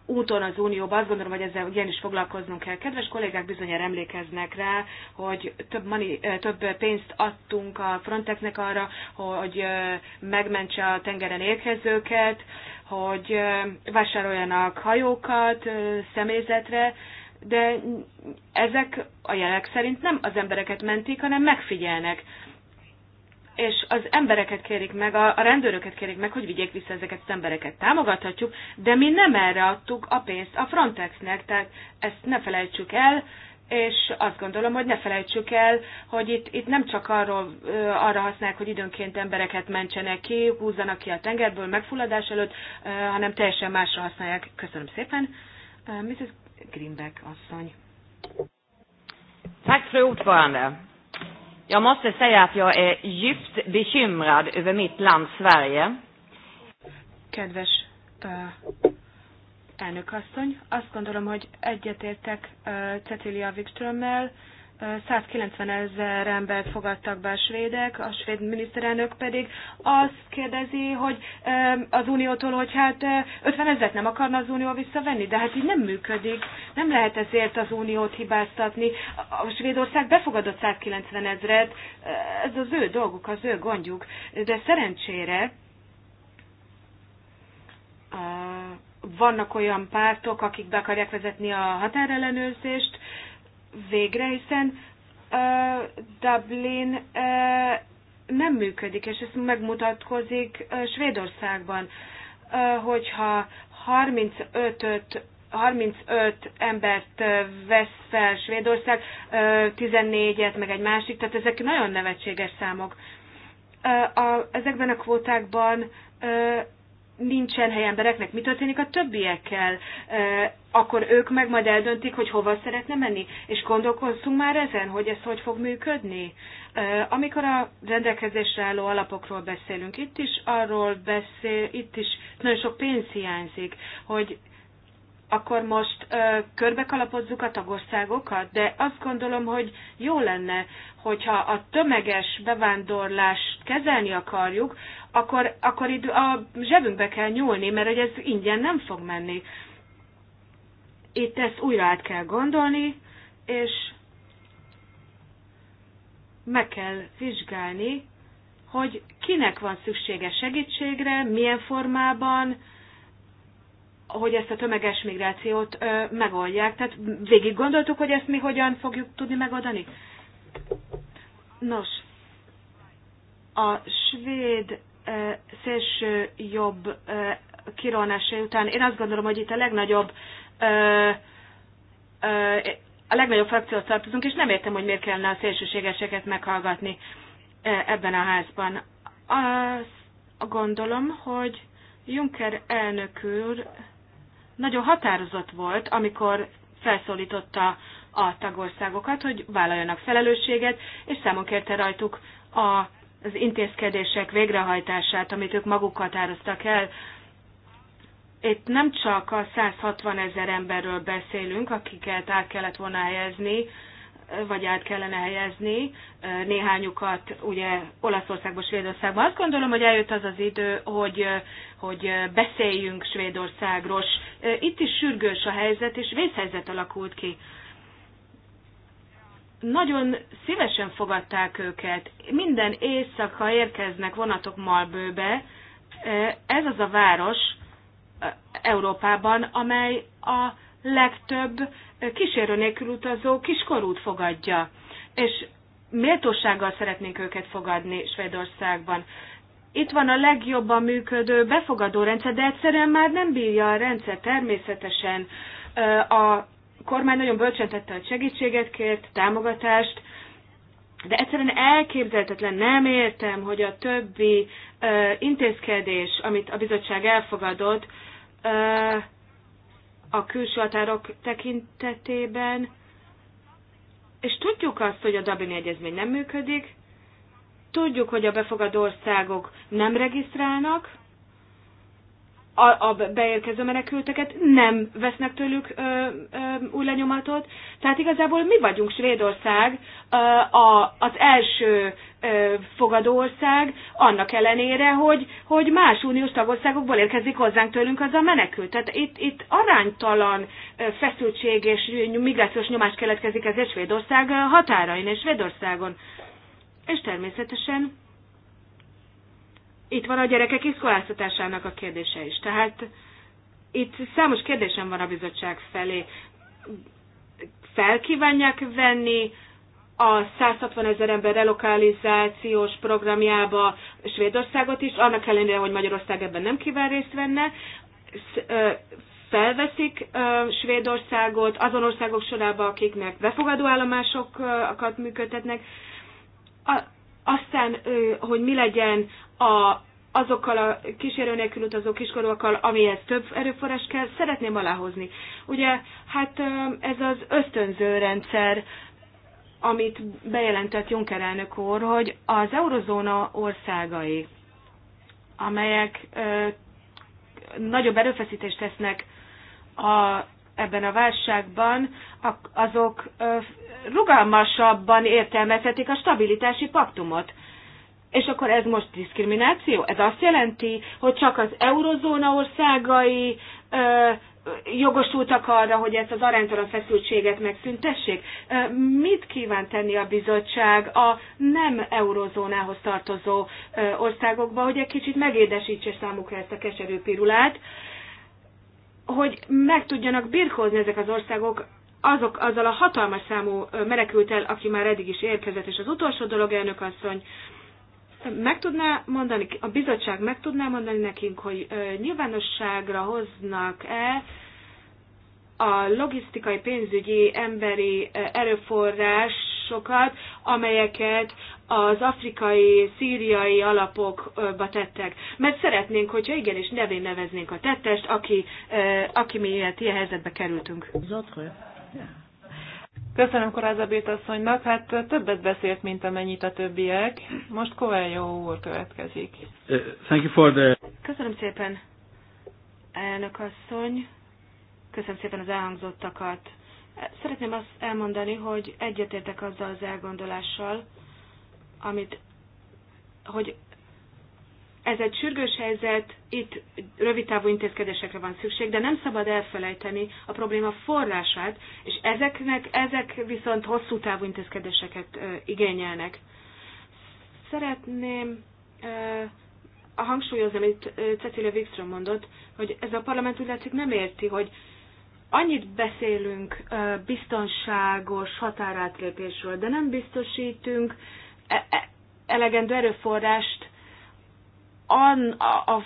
úton az Unióba, azt gondolom, hogy ezzel is foglalkoznunk kell. Kedves kollégák bizonyára emlékeznek rá, hogy több, money, több pénzt adtunk a Frontexnek arra, hogy megmentse a tengeren érkezőket, hogy vásároljanak hajókat személyzetre, de ezek a jelek szerint nem az embereket mentik, hanem megfigyelnek és az embereket kérik meg, a, a rendőröket kérik meg, hogy vigyék vissza ezeket az embereket. Támogathatjuk, de mi nem erre adtuk a pénzt a Frontexnek, tehát ezt ne felejtsük el, és azt gondolom, hogy ne felejtsük el, hogy itt, itt nem csak arról, arra használják, hogy időnként embereket mentsenek ki, húzzanak ki a tengerből megfulladás előtt, hanem teljesen másra használják. Köszönöm szépen. Mrs. Greenback asszony. Tack för ordförande. Jag måste säga att jag är djupt bekymrad över mitt land Sverige. Kedves uh, elnökasszony, azt gondolom, hogy egyetértek uh, Cecilia Wikströmmel, uh, 190 ezer embert fogadtak be a svédek, a svéd miniszterelnök pedig azt kérdezi, hogy az uniótól, hogy hát 50 eh, ezeret nem akarna az unió visszavenni, de hát így nem működik, nem lehet ezért az uniót hibáztatni. A Svédország befogadott 190 ezeret, eh, ez az ő dolguk, az ő gondjuk, de szerencsére eh, vannak olyan pártok, akik be akarják vezetni a határellenőrzést, végre, hiszen uh, Dublin uh, nem működik, és ez megmutatkozik uh, Svédországban, uh, hogyha 35-öt 35 embert vesz fel Svédország, 14-et, meg egy másik, tehát ezek nagyon nevetséges számok. A, ezekben a kvótákban nincsen hely embereknek, mi történik a többiekkel, akkor ők meg majd eldöntik, hogy hova szeretne menni, és gondolkozzunk már ezen, hogy ez hogy fog működni. Amikor a rendelkezésre álló alapokról beszélünk, itt is arról beszél, itt is nagyon sok pénz hiányzik, hogy akkor most ö, körbekalapozzuk a tagországokat, de azt gondolom, hogy jó lenne, hogyha a tömeges bevándorlást kezelni akarjuk, akkor, akkor itt a zsebünkbe kell nyúlni, mert hogy ez ingyen nem fog menni. Itt ezt újra át kell gondolni, és meg kell vizsgálni, hogy kinek van szüksége segítségre, milyen formában, hogy ezt a tömeges migrációt ö, megoldják. Tehát végig gondoltuk, hogy ezt mi hogyan fogjuk tudni megoldani? Nos, a svéd ö, szélső jobb kirónása után én azt gondolom, hogy itt a legnagyobb ö, ö, a legnagyobb frakciót tartozunk, és nem értem, hogy miért kellene a szélsőségeseket meghallgatni ebben a házban. Azt gondolom, hogy Juncker elnök úr nagyon határozott volt, amikor felszólította a tagországokat, hogy vállaljanak felelősséget, és számon kérte rajtuk a, az intézkedések végrehajtását, amit ők maguk határoztak el. Itt nem csak a 160 ezer emberről beszélünk, akiket át kellett volna helyezni, vagy át kellene helyezni néhányukat ugye Olaszországba, Svédországba. Azt gondolom, hogy eljött az az idő, hogy, hogy beszéljünk Svédországról. Itt is sürgős a helyzet, és vészhelyzet alakult ki. Nagyon szívesen fogadták őket. Minden éjszaka érkeznek vonatok Malbőbe. Ez az a város Európában, amely a legtöbb kísérő nélkül utazó kiskorút fogadja. És méltósággal szeretnénk őket fogadni Svédországban. Itt van a legjobban működő befogadó rendszer, de egyszerűen már nem bírja a rendszer természetesen. A kormány nagyon bölcsen tette, hogy segítséget kért, támogatást, de egyszerűen elképzelhetetlen, nem értem, hogy a többi ö, intézkedés, amit a bizottság elfogadott, ö, a külső határok tekintetében, és tudjuk azt, hogy a Dublin Egyezmény nem működik, tudjuk, hogy a befogadó országok nem regisztrálnak, a, a beérkező menekülteket, nem vesznek tőlük ö, ö, új lenyomatot. Tehát igazából mi vagyunk Svédország, ö, a, az első ö, fogadóország, annak ellenére, hogy, hogy más uniós tagországokból érkezik hozzánk tőlünk az a menekült. Tehát itt, itt aránytalan feszültség és migrációs nyomás keletkezik ezért Svédország határain és Svédországon. És természetesen itt van a gyerekek iskoláztatásának a kérdése is. Tehát itt számos kérdésem van a bizottság felé. Felkívánják venni a 160 ezer ember relokalizációs programjába Svédországot is, annak ellenére, hogy Magyarország ebben nem kíván részt venne, felveszik Svédországot azon országok sorába, akiknek befogadó állomásokat működtetnek aztán, hogy mi legyen a, azokkal a kísérő nélkül utazó kiskorúakkal, amihez több erőforrás kell, szeretném aláhozni. Ugye, hát ez az ösztönző rendszer, amit bejelentett Juncker elnök úr, hogy az eurozóna országai, amelyek ö, nagyobb erőfeszítést tesznek a, ebben a válságban, azok ö, rugalmasabban értelmezhetik a stabilitási paktumot. És akkor ez most diszkrimináció? Ez azt jelenti, hogy csak az eurozóna országai ö, jogosultak arra, hogy ezt az aránytalan feszültséget megszüntessék? Ö, mit kíván tenni a bizottság a nem eurozónához tartozó ö, országokba, hogy egy kicsit megédesítse számukra ezt a keserű pirulát, hogy meg tudjanak birkózni ezek az országok azok, azzal a hatalmas számú el, aki már eddig is érkezett, és az utolsó dolog, elnök asszony, meg tudná mondani, a bizottság meg tudná mondani nekünk, hogy nyilvánosságra hoznak-e a logisztikai, pénzügyi, emberi erőforrásokat, amelyeket az afrikai, szíriai alapokba tettek. Mert szeretnénk, hogyha igenis nevén neveznénk a tettest, aki, aki miért ilyen helyzetbe kerültünk. Köszönöm Korázabét asszonynak, hát többet beszélt, mint amennyit a többiek. Most Kovályó úr következik. Eh, thank you for the... Köszönöm szépen, elnök asszony. Köszönöm szépen az elhangzottakat. Szeretném azt elmondani, hogy egyetértek azzal az elgondolással, amit, hogy ez egy sürgős helyzet, itt rövidtávú intézkedésekre van szükség, de nem szabad elfelejteni a probléma forrását, és ezeknek, ezek viszont hosszú távú intézkedéseket igényelnek. Szeretném a hangsúlyozni, amit Cecilia Wikström mondott, hogy ez a parlament úgy látszik nem érti, hogy annyit beszélünk biztonságos határátlépésről, de nem biztosítunk e, e, elegendő erőforrást a, a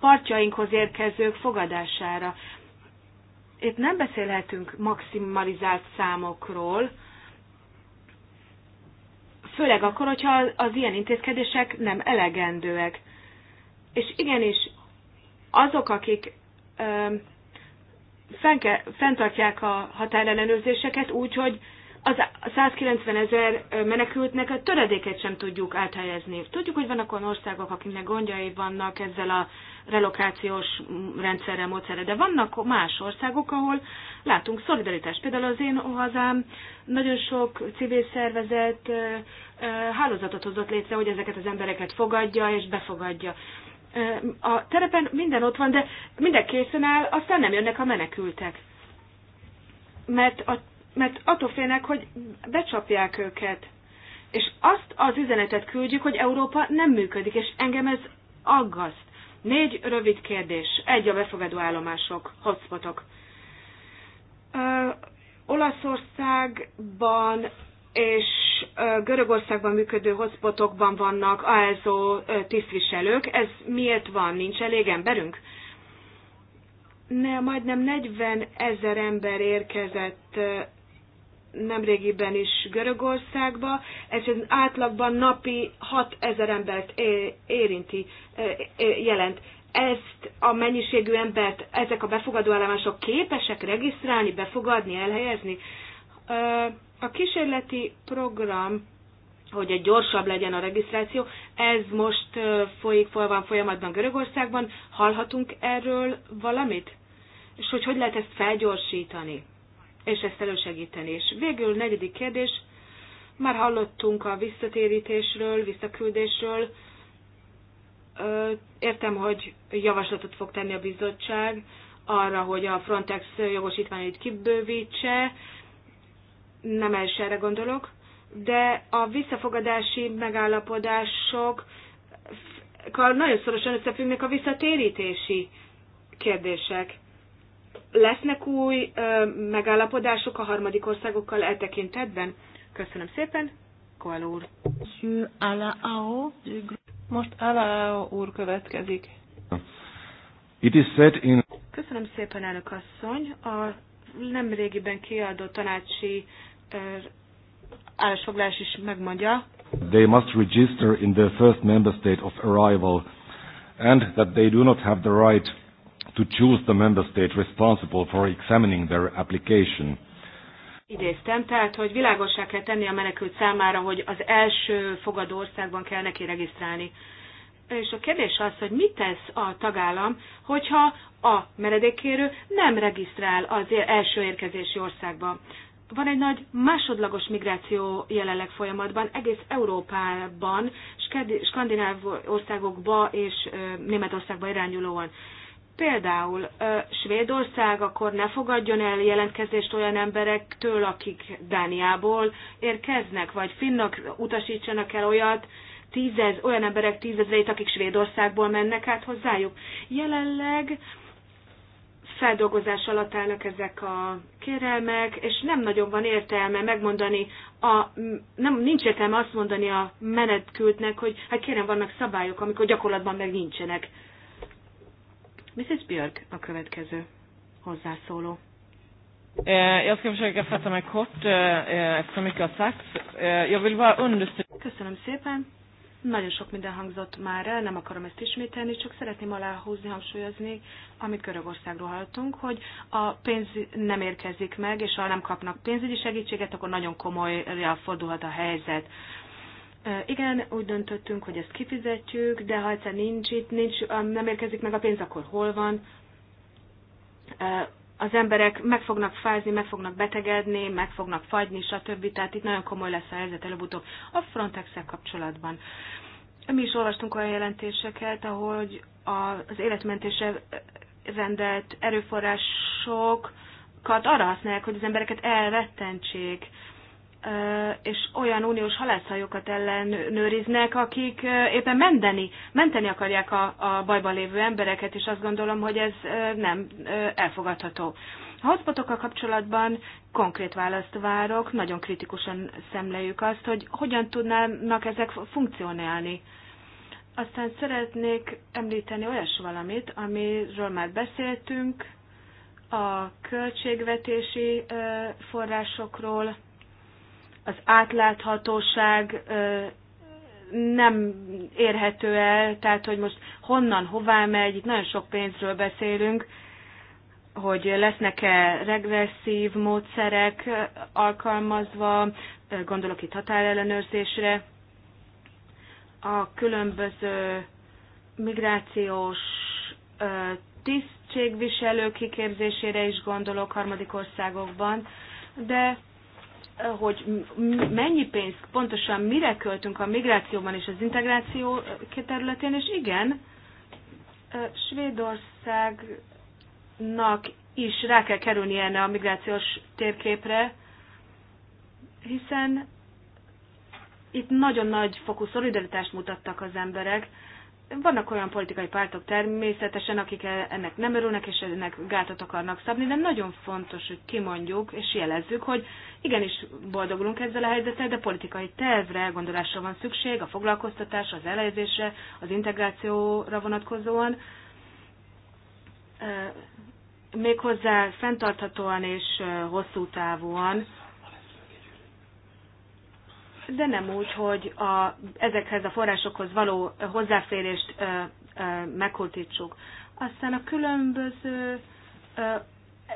partjainkhoz érkezők fogadására. Itt nem beszélhetünk maximalizált számokról, főleg akkor, hogyha az ilyen intézkedések nem elegendőek. És igenis, azok, akik ö, fennke, fenntartják a határellenőrzéseket úgy, hogy az 190 ezer menekültnek a töredéket sem tudjuk áthelyezni. Tudjuk, hogy vannak olyan országok, akiknek gondjai vannak ezzel a relokációs rendszerrel, módszerrel, de vannak más országok, ahol látunk szolidaritást. Például az én hazám nagyon sok civil szervezet hálózatot hozott létre, hogy ezeket az embereket fogadja és befogadja. A terepen minden ott van, de minden készen áll, aztán nem jönnek a menekültek. Mert a mert attól félnek, hogy becsapják őket. És azt az üzenetet küldjük, hogy Európa nem működik, és engem ez aggaszt. Négy rövid kérdés. Egy a befogadó állomások, hotspotok. Ö, Olaszországban és ö, Görögországban működő hotspotokban vannak ASO tisztviselők. Ez miért van? Nincs elég emberünk? Ne, majdnem 40 ezer ember érkezett nemrégiben is Görögországba, ez az átlagban napi 6000 embert érinti, jelent. Ezt a mennyiségű embert ezek a befogadó állomások képesek regisztrálni, befogadni, elhelyezni? A kísérleti program hogy egy gyorsabb legyen a regisztráció. Ez most folyik, van folyamatban Görögországban. Hallhatunk erről valamit? És hogy hogy lehet ezt felgyorsítani? és ezt elősegíteni. És végül negyedik kérdés, már hallottunk a visszatérítésről, visszaküldésről, értem, hogy javaslatot fog tenni a bizottság arra, hogy a Frontex jogosítványait kibővítse, nem első erre gondolok, de a visszafogadási megállapodások nagyon szorosan összefüggnek a visszatérítési kérdések lesznek új ö, megállapodások a harmadik országokkal eltekintetben? Köszönöm szépen, Koala úr. Most Alaao úr következik. It is said in... Köszönöm szépen, elnök asszony. A nemrégiben kiadott tanácsi állásfoglalás is megmondja. They must register in the first member state of arrival and that they do not have the right to choose the member state responsible for examining their application. Idéztem, tehát, hogy világosá kell tenni a menekült számára, hogy az első fogadó országban kell neki regisztrálni. És a kérdés az, hogy mit tesz a tagállam, hogyha a meredékkérő nem regisztrál az első érkezési országba. Van egy nagy másodlagos migráció jelenleg folyamatban, egész Európában, Skandináv országokba és Németországba irányulóan. Például Svédország akkor ne fogadjon el jelentkezést olyan emberektől, akik Dániából érkeznek, vagy finnak utasítsanak el olyat, tízez, olyan emberek tízezreit, akik Svédországból mennek át hozzájuk. Jelenleg feldolgozás alatt állnak ezek a kérelmek, és nem nagyon van értelme megmondani, a, nem, nincs értelme azt mondani a menetkültnek, hogy hát kérem, vannak szabályok, amikor gyakorlatban meg nincsenek. Mrs. Björk a következő hozzászóló. Eh, jag ska försöka fatta mig kort eh, eh, eftersom mycket har sagts. Jag vill bara understryka... Köszönöm szépen. Nagyon sok minden hangzott már el, nem akarom ezt ismételni, csak szeretném aláhúzni, hangsúlyozni, amit Görögországról hallottunk, hogy a pénz nem érkezik meg, és ha nem kapnak pénzügyi segítséget, akkor nagyon komolyra fordulhat a helyzet igen, úgy döntöttünk, hogy ezt kifizetjük, de ha egyszer nincs itt, nincs, nem érkezik meg a pénz, akkor hol van? Az emberek meg fognak fázni, meg fognak betegedni, meg fognak fagyni, stb. Tehát itt nagyon komoly lesz a helyzet előbb-utóbb a frontex kapcsolatban. Mi is olvastunk olyan jelentéseket, ahogy az életmentése rendelt erőforrásokat arra használják, hogy az embereket elrettentsék és olyan uniós halászhajókat ellenőriznek, akik éppen menteni, menteni akarják a, a bajban lévő embereket, és azt gondolom, hogy ez nem elfogadható. A hotspotokkal kapcsolatban konkrét választ várok, nagyon kritikusan szemléljük azt, hogy hogyan tudnának ezek funkcionálni. Aztán szeretnék említeni olyas valamit, amiről már beszéltünk, a költségvetési forrásokról, az átláthatóság nem érhető el, tehát hogy most honnan, hová megy, itt nagyon sok pénzről beszélünk, hogy lesznek-e regresszív módszerek alkalmazva, gondolok itt határellenőrzésre, a különböző migrációs tisztségviselők kiképzésére is gondolok harmadik országokban, de hogy mennyi pénzt pontosan mire költünk a migrációban és az integráció területén, és igen, Svédországnak is rá kell kerülni erre a migrációs térképre, hiszen itt nagyon nagy fokú szolidaritást mutattak az emberek, vannak olyan politikai pártok természetesen, akik e- ennek nem örülnek, és ennek gátat akarnak szabni, de nagyon fontos, hogy kimondjuk és jelezzük, hogy igenis boldogulunk ezzel a helyzettel, de politikai tervre, elgondolásra van szükség, a foglalkoztatás az elejezésre, az integrációra vonatkozóan, e- méghozzá fenntarthatóan és e, hosszú távúan, de nem úgy, hogy a, ezekhez a forrásokhoz való eh, hozzáférést ö, eh, ö, eh, meghultítsuk. Aztán a különböző ö,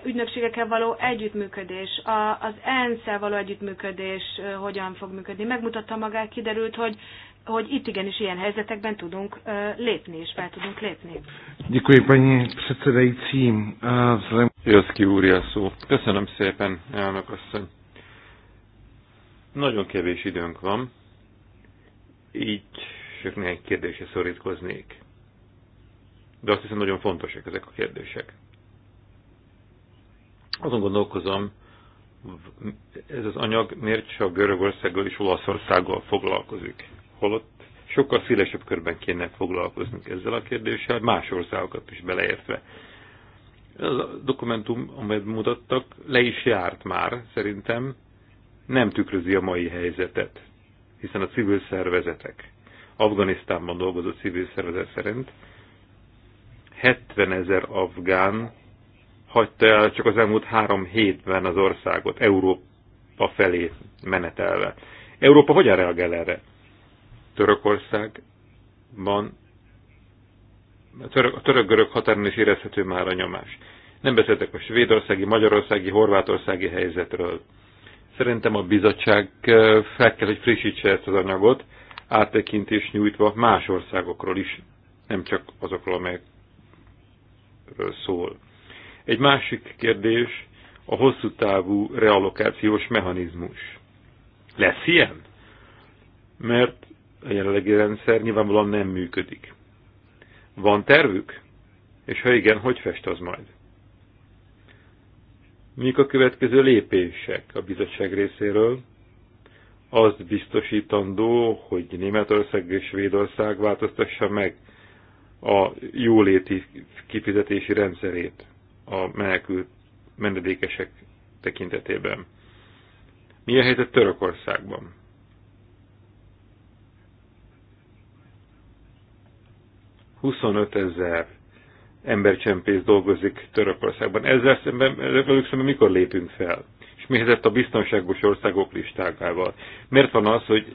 ügynökségekkel való együttműködés, a, az ENSZ-el való együttműködés ö, hogyan fog működni. Megmutatta magát, kiderült, hogy, hogy itt igenis ilyen helyzetekben tudunk ö, lépni, és fel tudunk lépni. Děkuji, paní předsedající. Zlem... Jössz úr, jaszó. Köszönöm szépen, elnök asszony nagyon kevés időnk van, így csak néhány kérdésre szorítkoznék. De azt hiszem nagyon fontosak ezek a kérdések. Azon gondolkozom, ez az anyag miért csak Görögországgal és Olaszországgal foglalkozik, holott sokkal szélesebb körben kéne foglalkoznunk ezzel a kérdéssel, más országokat is beleértve. Ez a dokumentum, amelyet mutattak, le is járt már, szerintem, nem tükrözi a mai helyzetet, hiszen a civil szervezetek, Afganisztánban dolgozó civil szervezet szerint 70 ezer afgán hagyta el csak az elmúlt három hétben az országot, Európa felé menetelve. Európa hogyan reagál erre? Törökországban a török-görög határon is érezhető már a nyomás. Nem beszéltek a svédországi, magyarországi, horvátországi helyzetről. Szerintem a bizottság fel kell, hogy frissítse ezt az anyagot, áttekintést nyújtva más országokról is, nem csak azokról, amelyekről szól. Egy másik kérdés a hosszú távú realokációs mechanizmus. Lesz ilyen? Mert a jelenlegi rendszer nyilvánvalóan nem működik. Van tervük? És ha igen, hogy fest az majd? Mik a következő lépések a bizottság részéről? Az biztosítandó, hogy Németország és Svédország változtassa meg a jóléti kifizetési rendszerét a menekült menedékesek tekintetében. Mi a helyzet Törökországban? Huszonöt ezer embercsempész dolgozik Törökországban. Ezzel szemben, velük szemben mikor lépünk fel? És mi helyzet a biztonságos országok listákával? Miért van az, hogy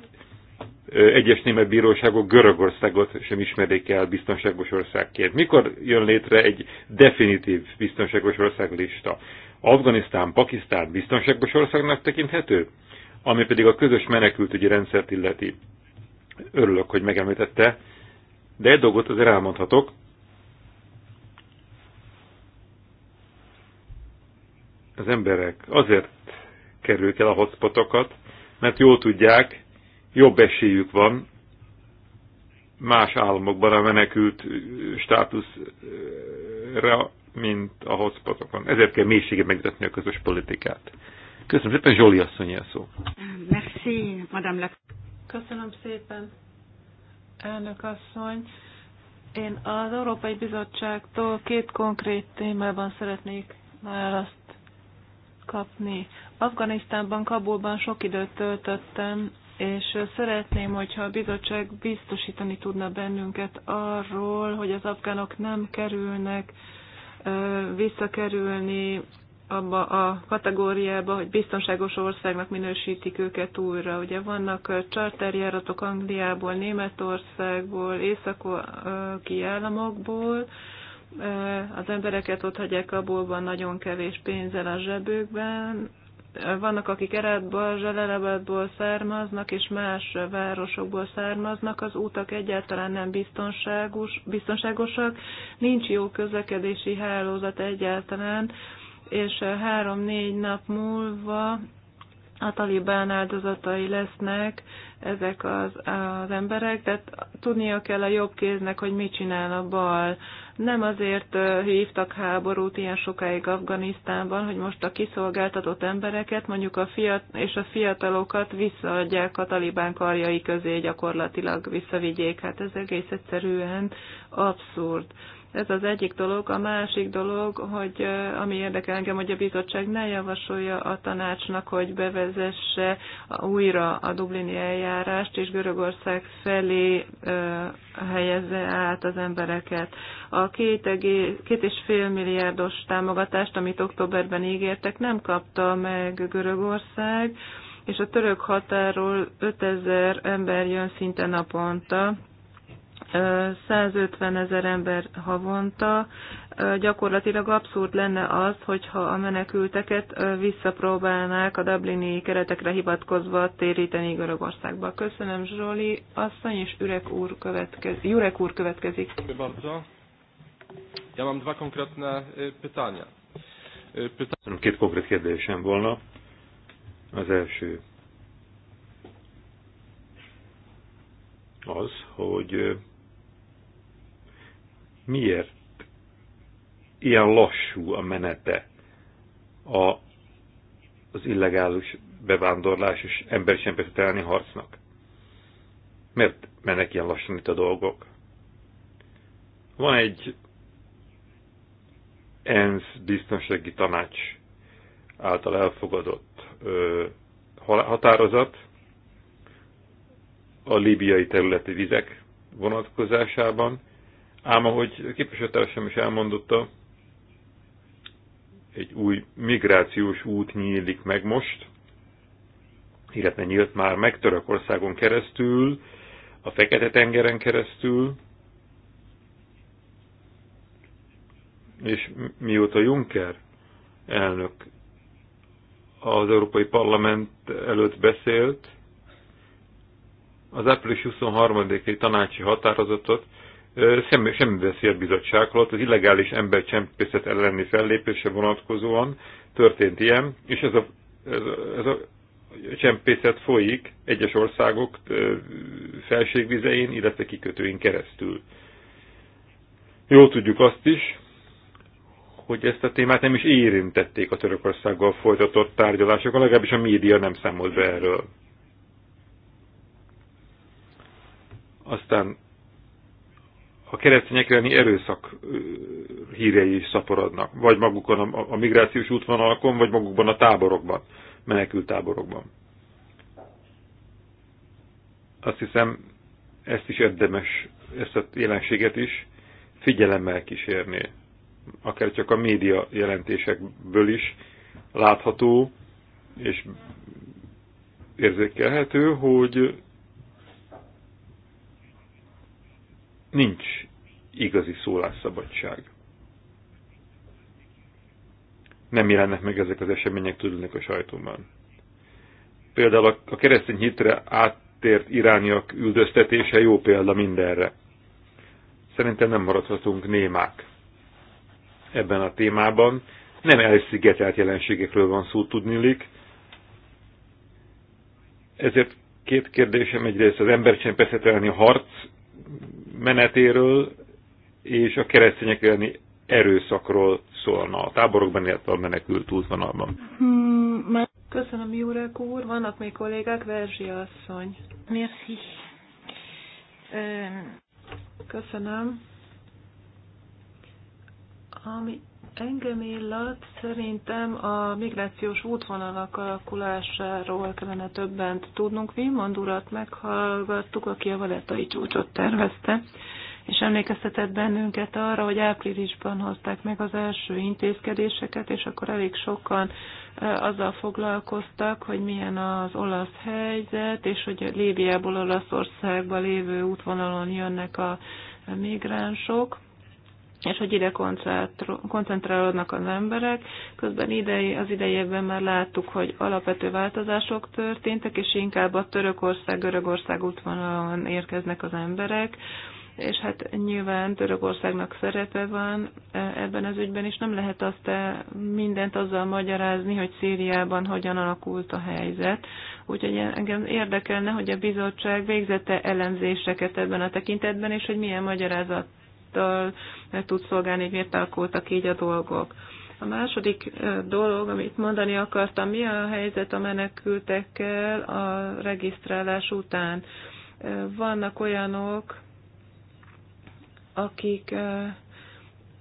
egyes német bíróságok Görögországot sem ismerik el biztonságos országként? Mikor jön létre egy definitív biztonságos ország lista? Afganisztán, Pakisztán biztonságos országnak tekinthető? Ami pedig a közös menekültügyi rendszert illeti. Örülök, hogy megemlítette, de egy dolgot azért elmondhatok, az emberek azért kerülik el a hotspotokat, mert jól tudják, jobb esélyük van más államokban a menekült státuszra, mint a hotspotokon. Ezért kell mélységet megmutatni a közös politikát. Köszönöm szépen, Zsoli asszony a szó. Merci, madame le... Köszönöm szépen, elnök asszony. Én az Európai Bizottságtól két konkrét témában szeretnék választ kapni. Afganisztánban, Kabulban sok időt töltöttem, és szeretném, hogyha a bizottság biztosítani tudna bennünket arról, hogy az afgánok nem kerülnek visszakerülni abba a kategóriába, hogy biztonságos országnak minősítik őket újra. Ugye vannak charterjáratok Angliából, Németországból, északi államokból, az embereket ott hagyják abból nagyon kevés pénzzel a zsebükben, vannak, akik Eredből, Zselelebedből származnak, és más városokból származnak, az útak egyáltalán nem biztonságos, biztonságosak, nincs jó közlekedési hálózat egyáltalán, és három-négy nap múlva a talibán áldozatai lesznek ezek az, az emberek, tehát tudnia kell a jobb kéznek, hogy mit csinál a bal nem azért hívtak háborút ilyen sokáig Afganisztánban, hogy most a kiszolgáltatott embereket, mondjuk a fiat és a fiatalokat visszaadják a talibán karjai közé gyakorlatilag visszavigyék. Hát ez egész egyszerűen abszurd. Ez az egyik dolog. A másik dolog, hogy ami érdekel engem, hogy a bizottság ne javasolja a tanácsnak, hogy bevezesse újra a dublini eljárást, és Görögország felé helyezze át az embereket. A két, egész, két és fél milliárdos támogatást, amit októberben ígértek, nem kapta meg Görögország, és a török határól 5000 ember jön szinte naponta 150 ezer ember havonta. Gyakorlatilag abszurd lenne az, hogyha a menekülteket visszapróbálnák a Dublini keretekre hivatkozva téríteni Görögországba. Köszönöm Zsoli asszony, és Ürek úr következ... Jurek úr következik. Ja mam dwa konkretne pytania. Pyta... Két konkrét kérdésem volna. Az első az, hogy miért ilyen lassú a menete a, az illegális bevándorlás és emberi elleni harcnak? Miért mennek ilyen lassan itt a dolgok? Van egy ENSZ biztonsági tanács által elfogadott ö, határozat a libiai területi vizek vonatkozásában, Ám ahogy képviselőtársam is elmondotta, egy új migrációs út nyílik meg most, illetve nyílt már meg Törökországon keresztül, a Fekete-tengeren keresztül, és mióta Juncker elnök az Európai Parlament előtt beszélt, az április 23-i tanácsi határozatot semmi, semmi veszi bizottság, alatt az illegális embercsempészet elleni fellépése vonatkozóan történt ilyen, és ez a, ez a, ez a csempészet folyik egyes országok felségvizein, illetve kikötőin keresztül. Jól tudjuk azt is, hogy ezt a témát nem is érintették a Törökországgal folytatott tárgyalásokon, legalábbis a média nem számolt be erről. Aztán a keresztények elleni erőszak hírei is szaporodnak, vagy magukon a, a migrációs útvonalakon, vagy magukban a táborokban, menekült táborokban. Azt hiszem, ezt is érdemes, ezt a jelenséget is figyelemmel kísérni. Akár csak a média jelentésekből is látható és érzékelhető, hogy nincs igazi szólásszabadság. Nem jelennek meg ezek az események tudnak a sajtóban. Például a keresztény hitre áttért irániak üldöztetése jó példa mindenre. Szerintem nem maradhatunk némák ebben a témában. Nem elszigetelt jelenségekről van szó tudnilik, ezért két kérdésem egyrészt az embercsempeszetelni harc menetéről és a keresztények elleni erőszakról szólna a táborokban, illetve a menekült útvonalban. Hmm, Köszönöm, Jurek úr. Vannak még kollégák, Verzsi asszony. Merci. Köszönöm. Ami Engem illat szerintem a migrációs útvonalak alakulásáról kellene többent tudnunk. Vimond urat meghallgattuk, aki a valetai csúcsot tervezte, és emlékeztetett bennünket arra, hogy áprilisban hozták meg az első intézkedéseket, és akkor elég sokan azzal foglalkoztak, hogy milyen az olasz helyzet, és hogy Líbiából Olaszországba lévő útvonalon jönnek a migránsok és hogy ide koncentrálódnak az emberek. Közben idei, az idejében már láttuk, hogy alapvető változások történtek, és inkább a Törökország-Görögország útvonalon érkeznek az emberek, és hát nyilván Törökországnak szerepe van e, ebben az ügyben, és nem lehet azt e, mindent azzal magyarázni, hogy Szíriában hogyan alakult a helyzet. Úgyhogy e, engem érdekelne, hogy a bizottság végzete elemzéseket ebben a tekintetben, és hogy milyen magyarázat élettől tud szolgálni, hogy miért alakultak így a dolgok. A második dolog, amit mondani akartam, mi a helyzet a menekültekkel a regisztrálás után? Vannak olyanok, akik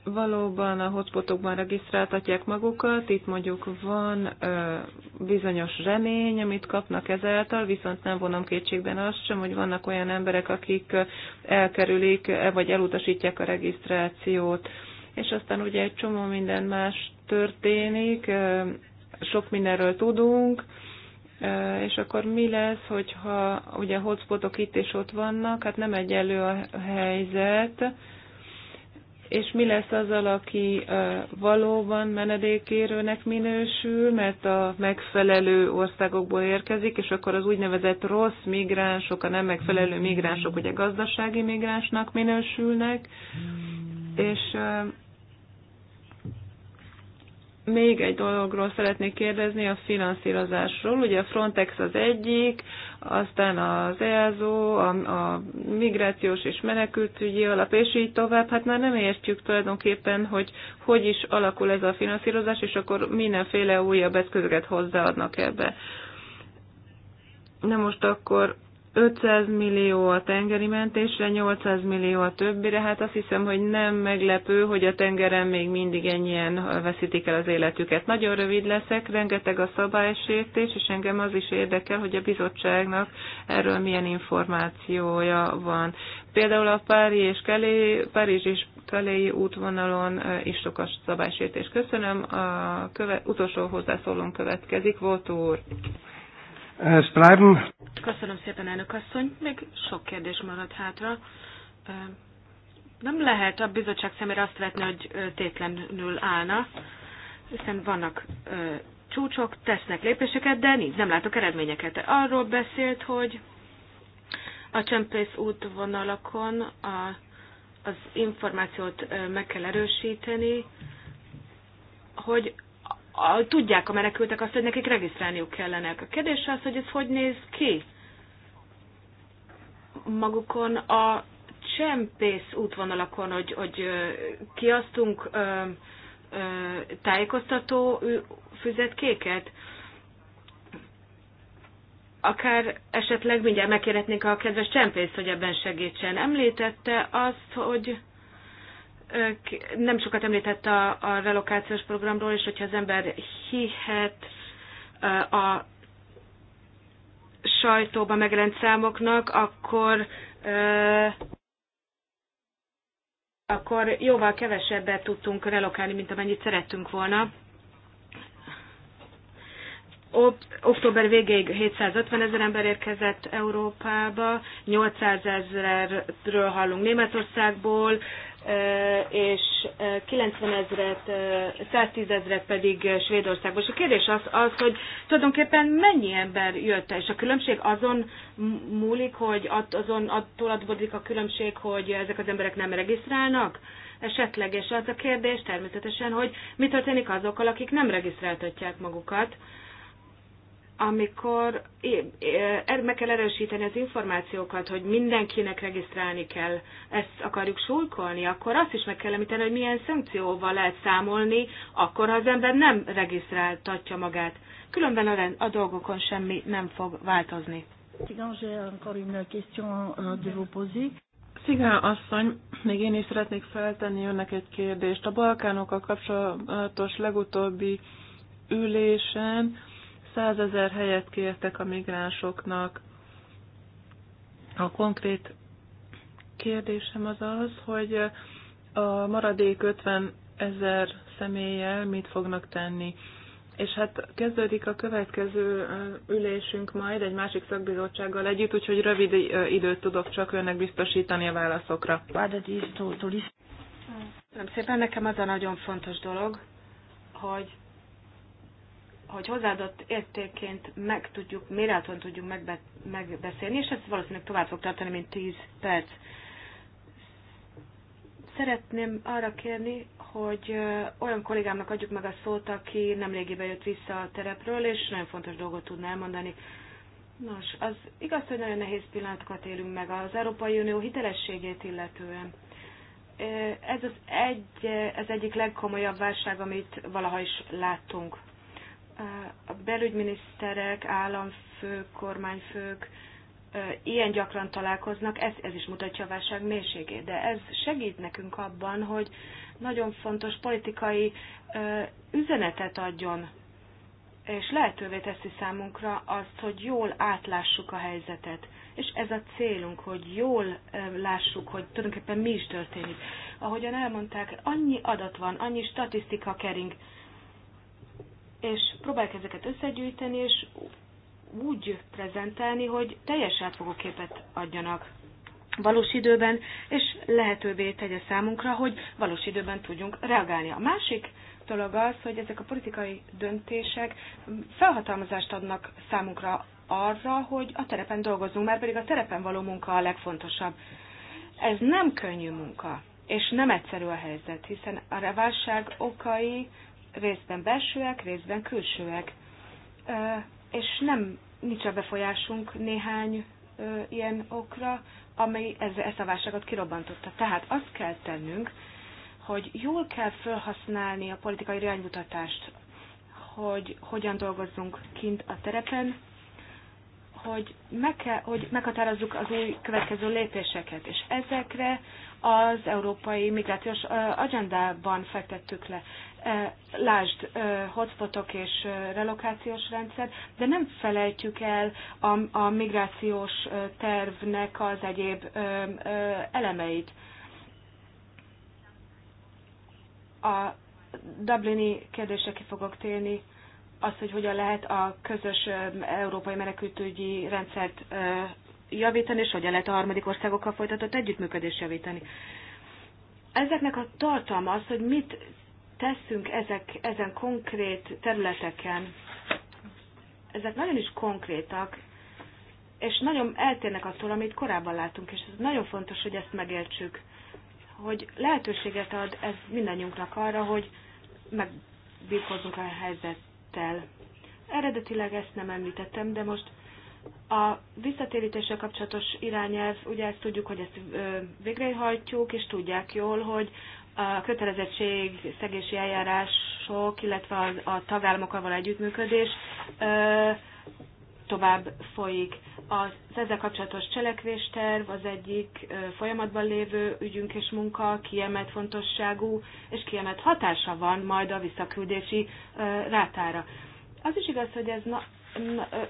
valóban a hotspotokban regisztráltatják magukat, itt mondjuk van ö, bizonyos remény, amit kapnak ezáltal, viszont nem vonom kétségben azt sem, hogy vannak olyan emberek, akik elkerülik e, vagy elutasítják a regisztrációt. És aztán ugye egy csomó minden más történik, ö, sok mindenről tudunk, és akkor mi lesz, hogyha ugye hotspotok itt és ott vannak, hát nem egyelő a helyzet, és mi lesz azzal, aki valóban menedékérőnek minősül, mert a megfelelő országokból érkezik, és akkor az úgynevezett rossz migránsok, a nem megfelelő migránsok ugye gazdasági migránsnak minősülnek, és még egy dologról szeretnék kérdezni, a finanszírozásról. Ugye a Frontex az egyik, aztán az EASO, a, a migrációs és menekültügyi alap, és így tovább, hát már nem értjük tulajdonképpen, hogy hogy is alakul ez a finanszírozás, és akkor mindenféle újabb eszközöket hozzáadnak ebbe. Na most akkor 500 millió a tengeri mentésre, 800 millió a többire, hát azt hiszem, hogy nem meglepő, hogy a tengeren még mindig ennyien veszítik el az életüket. Nagyon rövid leszek, rengeteg a szabálysértés, és engem az is érdekel, hogy a bizottságnak erről milyen információja van. Például a Pári és Kelé, Párizs és Kaléi útvonalon is sok a szabálysértés. Köszönöm, a köve, utolsó hozzászólón következik, volt úr. Ehhez bleiben. Köszönöm szépen, elnök asszony. Még sok kérdés maradt hátra. Eh, nem lehet a bizottság szemére azt vetni, hogy eh, tétlenül állna, hiszen vannak eh, csúcsok, tesznek lépéseket, de nincs, nem látok eredményeket. Arról beszélt, hogy a csempész útvonalakon a, az információt meg kell erősíteni, hogy a, tudják a menekültek azt, hogy nekik regisztrálniuk kellene. A kérdés az, hogy ez hogy néz ki magukon a csempész útvonalakon, hogy, hogy kiasztunk ö, ö, tájékoztató füzetkéket, akár esetleg mindjárt megkérhetnénk a kedves csempész, hogy ebben segítsen. Említette azt, hogy nem sokat említett a, a relokációs programról, és hogyha az ember hihet a sajtóban megjelent számoknak, akkor akkor jóval kevesebbet tudtunk relokálni, mint amennyit szerettünk volna. Október végéig 750 ezer ember érkezett Európába, 800 ezerről hallunk Németországból, és 90 ezeret, 110 ezeret pedig Svédországban. És a kérdés az, az, hogy tulajdonképpen mennyi ember jött el, és a különbség azon múlik, hogy azon attól adódik a különbség, hogy ezek az emberek nem regisztrálnak esetleg, és az a kérdés természetesen, hogy mi történik azokkal, akik nem regisztráltatják magukat, amikor er- meg kell erősíteni az információkat, hogy mindenkinek regisztrálni kell, ezt akarjuk súlykolni, akkor azt is meg kell említeni, hogy milyen szankcióval lehet számolni, akkor ha az ember nem regisztráltatja magát. Különben a, a dolgokon semmi nem fog változni. Euh, Szigán asszony, még én is szeretnék feltenni önnek egy kérdést. A Balkánokkal kapcsolatos legutóbbi ülésen százezer helyet kértek a migránsoknak. A konkrét kérdésem az az, hogy a maradék 50 ezer személlyel mit fognak tenni. És hát kezdődik a következő ülésünk majd egy másik szakbizottsággal együtt, úgyhogy rövid időt tudok csak önnek biztosítani a válaszokra. Nem szépen, nekem az a nagyon fontos dolog, hogy hogy hozzáadott értéként meg tudjuk, méreton tudjuk megbe, megbeszélni, és ez valószínűleg tovább fog tartani, mint 10 perc. Szeretném arra kérni, hogy olyan kollégámnak adjuk meg a szót, aki nemrégiben jött vissza a terepről, és nagyon fontos dolgot tudna elmondani. Nos, az igaz, hogy nagyon nehéz pillanatokat élünk meg az Európai Unió hitelességét illetően. Ez az egy, ez egyik legkomolyabb válság, amit valaha is láttunk a belügyminiszterek, államfők, kormányfők ilyen gyakran találkoznak, ez, ez is mutatja a válság mélységét, de ez segít nekünk abban, hogy nagyon fontos politikai üzenetet adjon, és lehetővé teszi számunkra azt, hogy jól átlássuk a helyzetet. És ez a célunk, hogy jól lássuk, hogy tulajdonképpen mi is történik. Ahogyan elmondták, annyi adat van, annyi statisztika kering, és próbáljuk ezeket összegyűjteni, és úgy prezentálni, hogy teljes átfogó képet adjanak valós időben, és lehetővé tegye számunkra, hogy valós időben tudjunk reagálni. A másik dolog az, hogy ezek a politikai döntések felhatalmazást adnak számunkra arra, hogy a terepen dolgozunk, mert pedig a terepen való munka a legfontosabb. Ez nem könnyű munka, és nem egyszerű a helyzet, hiszen a válság okai részben belsőek, részben külsőek. És nem nincs a befolyásunk néhány ilyen okra, amely ez, ezt a válságot kirobbantotta. Tehát azt kell tennünk, hogy jól kell felhasználni a politikai iránymutatást, hogy hogyan dolgozzunk kint a terepen, hogy, meg kell, hogy meghatározzuk az új következő lépéseket, és ezekre az európai migrációs agendában fektettük le. Eh, lásd eh, hotspotok és eh, relokációs rendszer, de nem felejtjük el a, a migrációs tervnek az egyéb elemeit. A Dublini kérdése ki fogok térni, az, hogy hogyan lehet a közös európai menekültügyi rendszert javítani, és hogyan lehet a harmadik országokkal folytatott együttműködést javítani. Ezeknek a tartalma az, hogy mit teszünk ezek, ezen konkrét területeken, ezek nagyon is konkrétak, és nagyon eltérnek attól, amit korábban látunk, és ez nagyon fontos, hogy ezt megértsük, hogy lehetőséget ad ez mindannyiunknak arra, hogy megbírkozzunk a helyzettel. Eredetileg ezt nem említettem, de most a visszatérítéssel kapcsolatos irányelv, ugye ezt tudjuk, hogy ezt végrehajtjuk, és tudják jól, hogy a kötelezettség szegési eljárások, illetve a, a tagállamokkal való együttműködés ö, tovább folyik. Az ezzel kapcsolatos cselekvésterv az egyik ö, folyamatban lévő ügyünk és munka, kiemelt fontosságú és kiemelt hatása van majd a visszaküldési ö, rátára. Az is igaz, hogy ez na,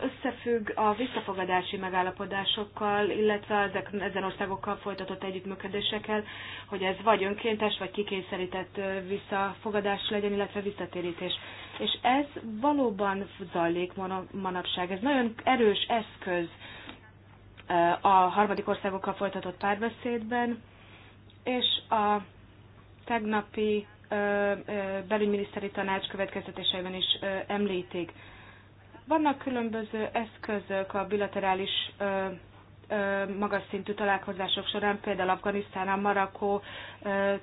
összefügg a visszafogadási megállapodásokkal, illetve ezek, ezen országokkal folytatott együttműködésekkel, hogy ez vagy önkéntes, vagy kikényszerített visszafogadás legyen, illetve visszatérítés. És ez valóban zajlik manapság. Ez nagyon erős eszköz a harmadik országokkal folytatott párbeszédben, és a tegnapi belügyminiszteri tanács következtetéseiben is említik vannak különböző eszközök a bilaterális ö, ö, magas szintű találkozások során, például Afganisztán, Marakó,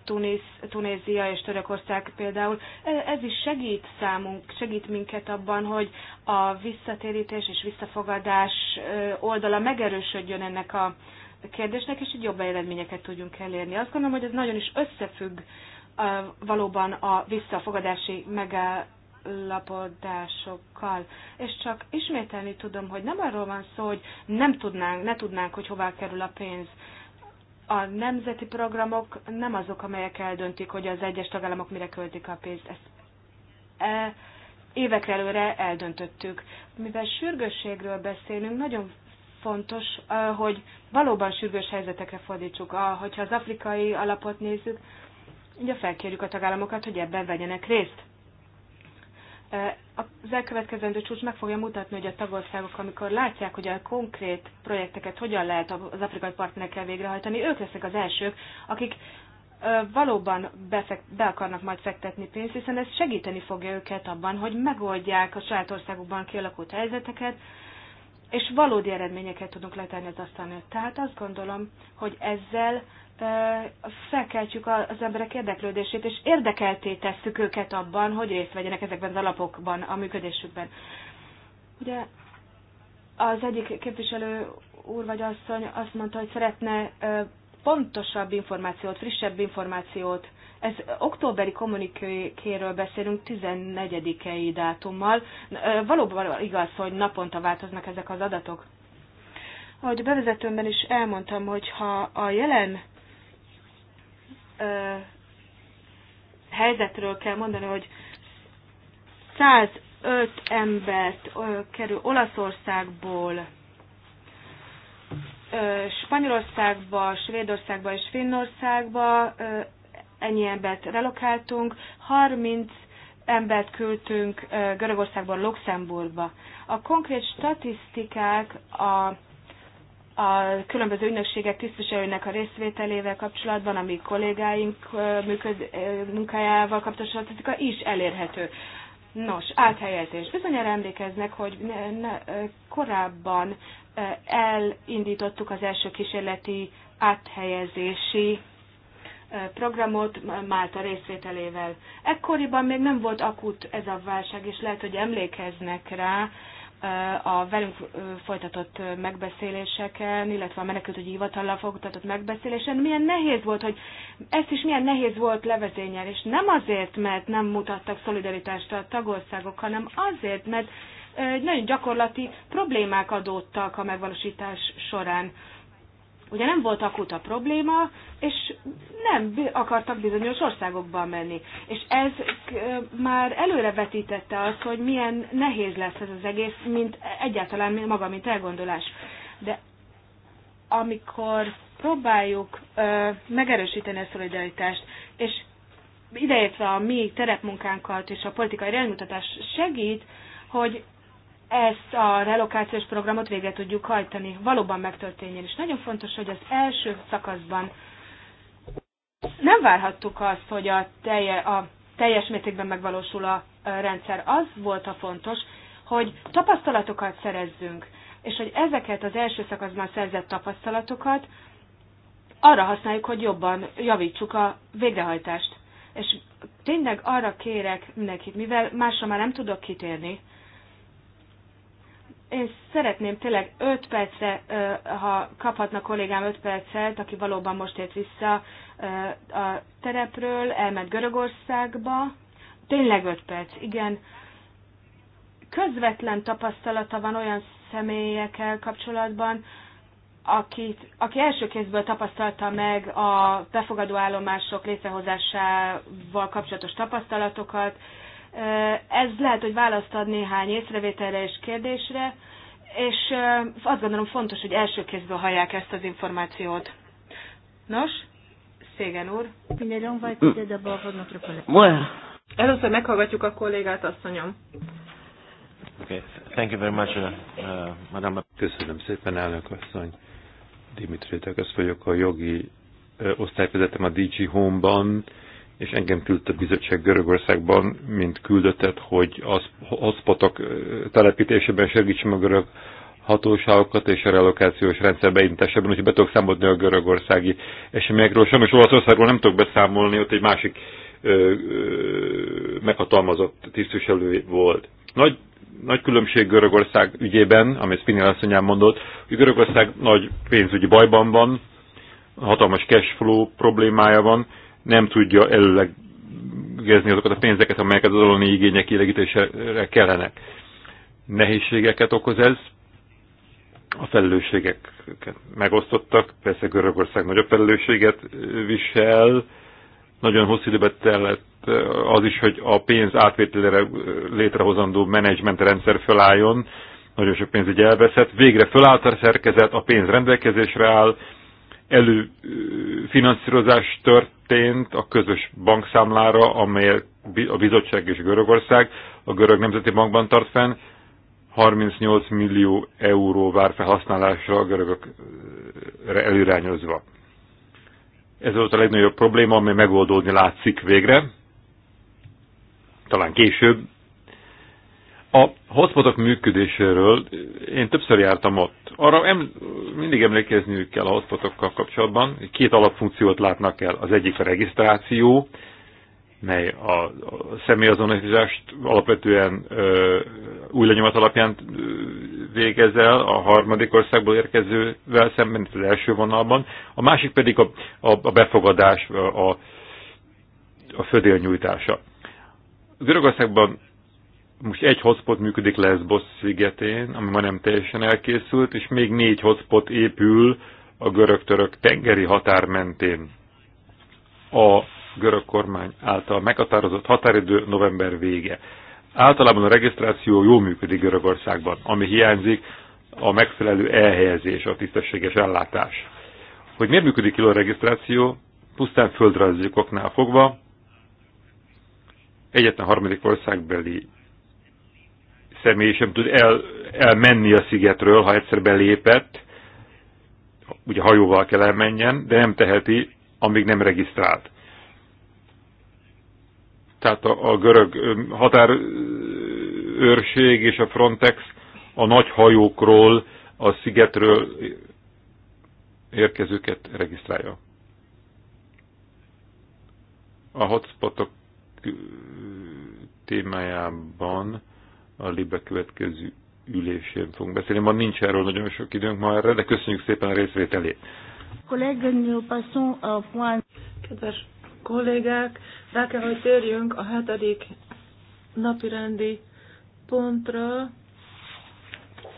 Tunis, Tunézia és Törökország például. Ez is segít számunk, segít minket abban, hogy a visszatérítés és visszafogadás oldala megerősödjön ennek a kérdésnek, és így jobb eredményeket tudjunk elérni. Azt gondolom, hogy ez nagyon is összefügg valóban a visszafogadási lapodásokkal. És csak ismételni tudom, hogy nem arról van szó, hogy nem tudnánk, ne tudnánk, hogy hová kerül a pénz. A nemzeti programok nem azok, amelyek eldöntik, hogy az egyes tagállamok mire költik a pénzt. Ezt e, évekre előre eldöntöttük. Mivel sürgősségről beszélünk, nagyon fontos, e, hogy valóban sürgős helyzetekre fordítsuk. A, hogyha az afrikai alapot nézzük, ugye felkérjük a tagállamokat, hogy ebben vegyenek részt Eh, az elkövetkezendő csúcs meg fogja mutatni, hogy a tagországok, amikor látják, hogy a konkrét projekteket hogyan lehet az afrikai partnerekkel végrehajtani, ők lesznek az elsők, akik valóban befekt, be akarnak majd fektetni pénzt, hiszen ez segíteni fogja őket abban, hogy megoldják a saját országokban kialakult helyzeteket, és valódi eredményeket tudunk letenni az asztalnőt. Tehát azt gondolom, hogy ezzel felkeltjük az emberek érdeklődését, és érdekelté tesszük őket abban, hogy részt vegyenek ezekben az alapokban, a működésükben. Ugye az egyik képviselő úr vagy asszony azt mondta, hogy szeretne pontosabb információt, frissebb információt. Ez októberi kommunikéről beszélünk 14-i dátummal. Valóban igaz, hogy naponta változnak ezek az adatok. Ahogy a bevezetőmben is elmondtam, hogy ha a jelen helyzetről kell mondani, hogy 105 embert kerül Olaszországból, Spanyolországba, Svédországba és Finnországba, ennyi embert relokáltunk, 30 embert küldtünk Görögországból Luxemburgba. A konkrét statisztikák a a különböző ügynökségek tisztviselőinek a részvételével kapcsolatban, ami kollégáink működ, munkájával kapcsolatban is elérhető. Nos, áthelyezés. Bizonyára emlékeznek, hogy ne, ne, korábban elindítottuk az első kísérleti áthelyezési programot Málta részvételével. Ekkoriban még nem volt akut ez a válság, és lehet, hogy emlékeznek rá, a velünk folytatott megbeszéléseken, illetve a menekültügyi hivatallal folytatott megbeszélésen, milyen nehéz volt, hogy ezt is milyen nehéz volt levezényel, és nem azért, mert nem mutattak szolidaritást a tagországok, hanem azért, mert nagyon gyakorlati problémák adódtak a megvalósítás során ugye nem volt akut a probléma, és nem akartak bizonyos országokba menni. És ez már előrevetítette azt, hogy milyen nehéz lesz ez az egész, mint egyáltalán maga, mint elgondolás. De amikor próbáljuk ö, megerősíteni a szolidaritást, és ideértve a mi terepmunkánkat és a politikai rendmutatás segít, hogy ezt a relokációs programot végre tudjuk hajtani. Valóban megtörténjen is. Nagyon fontos, hogy az első szakaszban nem várhattuk azt, hogy a, telje, a teljes mértékben megvalósul a rendszer. Az volt a fontos, hogy tapasztalatokat szerezzünk, és hogy ezeket az első szakaszban szerzett tapasztalatokat arra használjuk, hogy jobban javítsuk a végrehajtást. És tényleg arra kérek mindenkit, mivel másra már nem tudok kitérni, és szeretném tényleg 5 percre, ha kaphatna kollégám 5 percet, aki valóban most ért vissza a terepről, elment Görögországba. Tényleg 5 perc, igen. Közvetlen tapasztalata van olyan személyekkel kapcsolatban, akit, aki első kézből tapasztalta meg a befogadó állomások létrehozásával kapcsolatos tapasztalatokat, ez lehet, hogy választ ad néhány észrevételre és kérdésre, és azt gondolom fontos, hogy első kézből hallják ezt az információt. Nos, Szégen úr. Mm. Először meghallgatjuk a kollégát, asszonyom. Okay. Thank you very much, uh, uh Madame. Köszönöm szépen, elnök asszony. Dimitri Takasz vagyok, a jogi uh, osztályvezetem a DG Home-ban és engem küldte a bizottság Görögországban, mint küldöttet, hogy az hotspotok telepítésében segítsem a görög hatóságokat és a relokációs rendszer beintesebben, úgyhogy be tudok számolni a görögországi eseményekről. Sajnos Olaszországról nem tudok beszámolni, ott egy másik ö, ö, meghatalmazott tisztviselő volt. Nagy, nagy különbség Görögország ügyében, amit Spinell asszonyán mondott, hogy Görögország nagy pénzügyi bajban van, hatalmas cash flow problémája van, nem tudja előlegezni azokat a pénzeket, amelyeket az aloni igények kielégítésére kellenek. Nehézségeket okoz ez, a felelősségeket megosztottak, persze Görögország nagyobb felelősséget visel, nagyon hosszú időbe tellett az is, hogy a pénz átvételére létrehozandó menedzsment rendszer felálljon, nagyon sok pénz így elveszett, végre fölállt a szerkezet, a pénz rendelkezésre áll, előfinanszírozás történt a közös bankszámlára, amely a bizottság és Görögország a Görög Nemzeti Bankban tart fenn. 38 millió euró vár felhasználásra a görögökre előirányozva. Ez volt a legnagyobb probléma, amely megoldódni látszik végre. Talán később, a hotspotok működéséről én többször jártam ott. Arra em, mindig emlékezniük kell a hotspotokkal kapcsolatban. Két alapfunkciót látnak el. Az egyik a regisztráció, mely a személyazonosítást alapvetően ö, új lenyomat alapján végez el a harmadik országból érkezővel szemben, az első vonalban. A másik pedig a, a, a befogadás, a, a a födélnyújtása. Görögországban most egy hotspot működik Lesbos szigetén, ami ma nem teljesen elkészült, és még négy hotspot épül a görög-török tengeri határ mentén. A görög kormány által meghatározott határidő november vége. Általában a regisztráció jól működik Görögországban, ami hiányzik a megfelelő elhelyezés, a tisztességes ellátás. Hogy miért működik jól a regisztráció? Pusztán földrajzi fogva, egyetlen harmadik országbeli személy sem tud el, elmenni a szigetről, ha egyszer belépett, ugye hajóval kell elmenjen, de nem teheti, amíg nem regisztrált. Tehát a, a görög határőrség és a Frontex a nagy hajókról, a szigetről érkezőket regisztrálja. A hotspotok témájában a LIBE következő ülésén fogunk beszélni. Ma nincs erről nagyon sok időnk ma erre, de köszönjük szépen a részvételét. Kedves kollégák, rá kell, hogy térjünk a hetedik napirendi pontra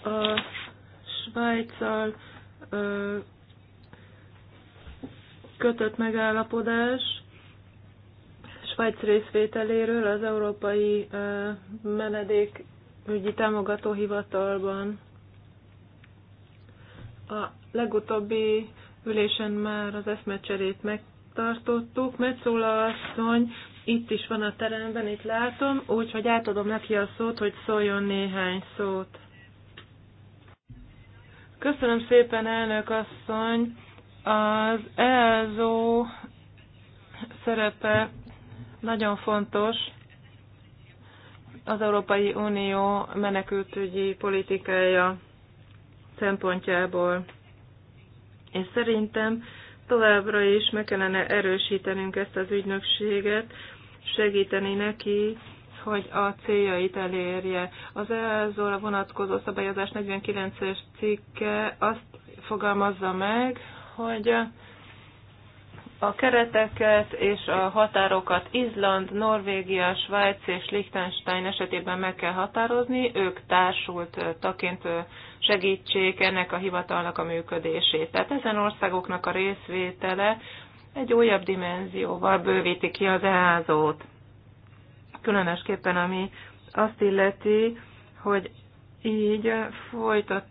a Svájccal kötött megállapodás Svájc részvételéről az Európai Menedékügyi Támogató Hivatalban. A legutóbbi ülésen már az eszmecserét megtartottuk. Metszóla asszony itt is van a teremben, itt látom, úgyhogy átadom neki a szót, hogy szóljon néhány szót. Köszönöm szépen, elnök asszony! Az ELZO szerepe nagyon fontos az Európai Unió menekültügyi politikája szempontjából. És szerintem továbbra is meg kellene erősítenünk ezt az ügynökséget, segíteni neki, hogy a céljait elérje. Az easz vonatkozó szabályozás 49-es cikke azt fogalmazza meg, hogy a kereteket és a határokat Izland, Norvégia, Svájc és Liechtenstein esetében meg kell határozni, ők társult taként segítsék ennek a hivatalnak a működését. Tehát ezen országoknak a részvétele egy újabb dimenzióval bővíti ki az EASO-t. Különösképpen ami azt illeti, hogy így folytat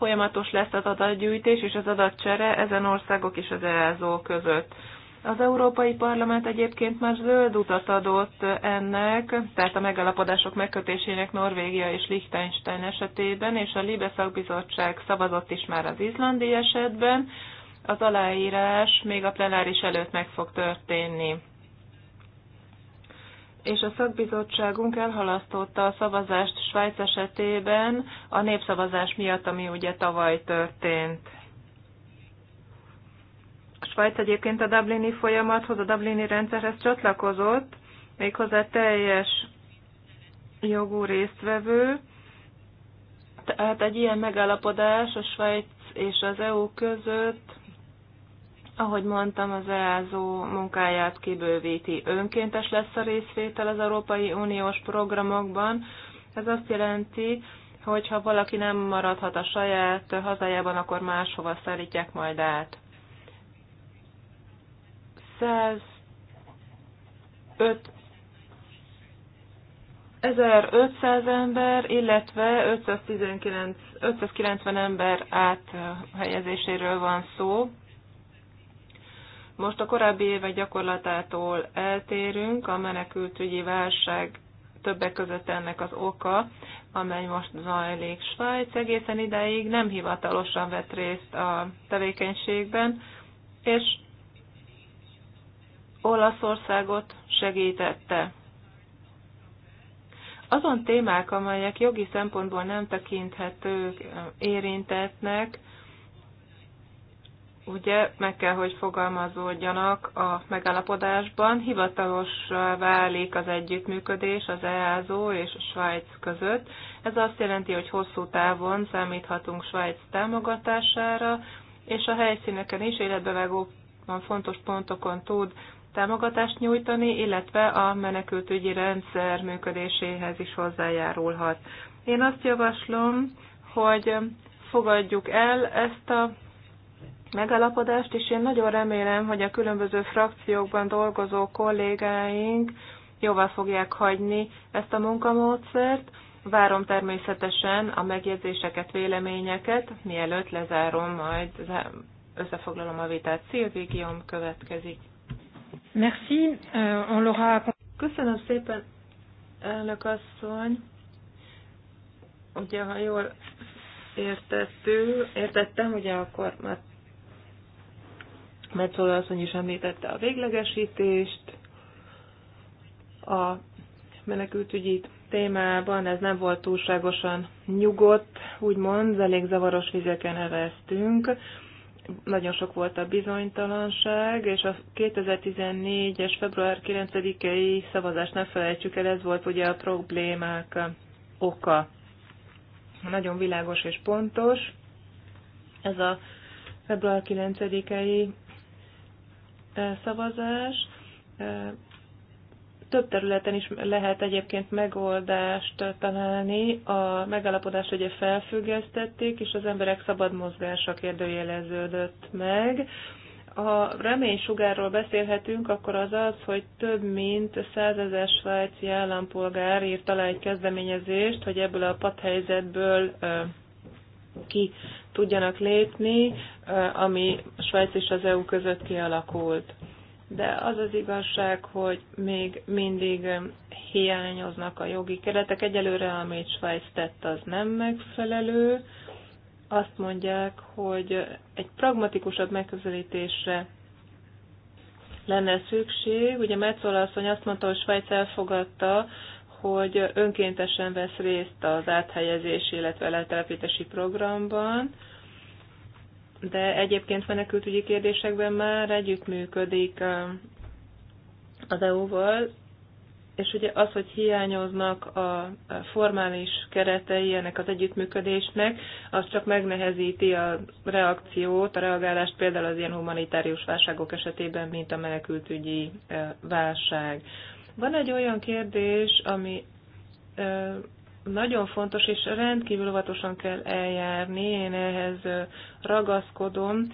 folyamatos lesz az adatgyűjtés és az adatcsere ezen országok és az EASO között. Az Európai Parlament egyébként már zöld utat adott ennek, tehát a megállapodások megkötésének Norvégia és Liechtenstein esetében, és a Libe szakbizottság szavazott is már az izlandi esetben. Az aláírás még a plenáris előtt meg fog történni és a szakbizottságunk elhalasztotta a szavazást Svájc esetében a népszavazás miatt, ami ugye tavaly történt. Svájc egyébként a Dublini folyamathoz, a Dublini rendszerhez csatlakozott, méghozzá teljes jogú résztvevő. Tehát egy ilyen megállapodás a Svájc és az EU között ahogy mondtam, az EASO munkáját kibővíti. Önkéntes lesz a részvétel az Európai Uniós programokban. Ez azt jelenti, hogy ha valaki nem maradhat a saját hazájában, akkor máshova szállítják majd át. 105 1500 ember, illetve 519, 590 ember áthelyezéséről van szó. Most a korábbi évek gyakorlatától eltérünk, a menekültügyi válság többek között ennek az oka, amely most zajlik. Svájc egészen ideig nem hivatalosan vett részt a tevékenységben, és Olaszországot segítette. Azon témák, amelyek jogi szempontból nem tekinthetők érintetnek, ugye meg kell, hogy fogalmazódjanak a megállapodásban. Hivatalos válik az együttműködés az EASO és a Svájc között. Ez azt jelenti, hogy hosszú távon számíthatunk Svájc támogatására, és a helyszíneken is életbevágóban fontos pontokon tud támogatást nyújtani, illetve a menekültügyi rendszer működéséhez is hozzájárulhat. Én azt javaslom, hogy fogadjuk el ezt a megalapodást, és én nagyon remélem, hogy a különböző frakciókban dolgozó kollégáink jóvá fogják hagyni ezt a munkamódszert. Várom természetesen a megjegyzéseket, véleményeket, mielőtt lezárom, majd összefoglalom a vitát. Szilvi következik. Merci, euh, on l'aura... Köszönöm szépen, elnök asszony. Ugye, ha jól értettük, értettem, ugye akkor már Metzola asszony is említette a véglegesítést, a menekültügyi témában ez nem volt túlságosan nyugodt, úgymond, elég zavaros vizeken neveztünk. Nagyon sok volt a bizonytalanság, és a 2014-es február 9-i szavazást ne felejtsük el, ez volt ugye a problémák oka. Nagyon világos és pontos. Ez a február 9-i szavazás. Több területen is lehet egyébként megoldást találni. A megállapodást ugye felfüggesztették, és az emberek szabad mozgása kérdőjeleződött meg. Ha reménysugárról beszélhetünk, akkor az az, hogy több mint százezer svájci állampolgár írt alá egy kezdeményezést, hogy ebből a pathelyzetből ki tudjanak lépni, ami a Svájc és az EU között kialakult. De az az igazság, hogy még mindig hiányoznak a jogi keretek. Egyelőre, amit Svájc tett, az nem megfelelő. Azt mondják, hogy egy pragmatikusabb megközelítésre lenne szükség. Ugye Metzola asszony azt mondta, hogy Svájc elfogadta hogy önkéntesen vesz részt az áthelyezés, illetve letelepítési programban, de egyébként menekültügyi kérdésekben már együttműködik az EU-val, és ugye az, hogy hiányoznak a formális keretei ennek az együttműködésnek, az csak megnehezíti a reakciót, a reagálást például az ilyen humanitárius válságok esetében, mint a menekültügyi válság. Van egy olyan kérdés, ami ö, nagyon fontos, és rendkívül óvatosan kell eljárni, én ehhez ragaszkodom.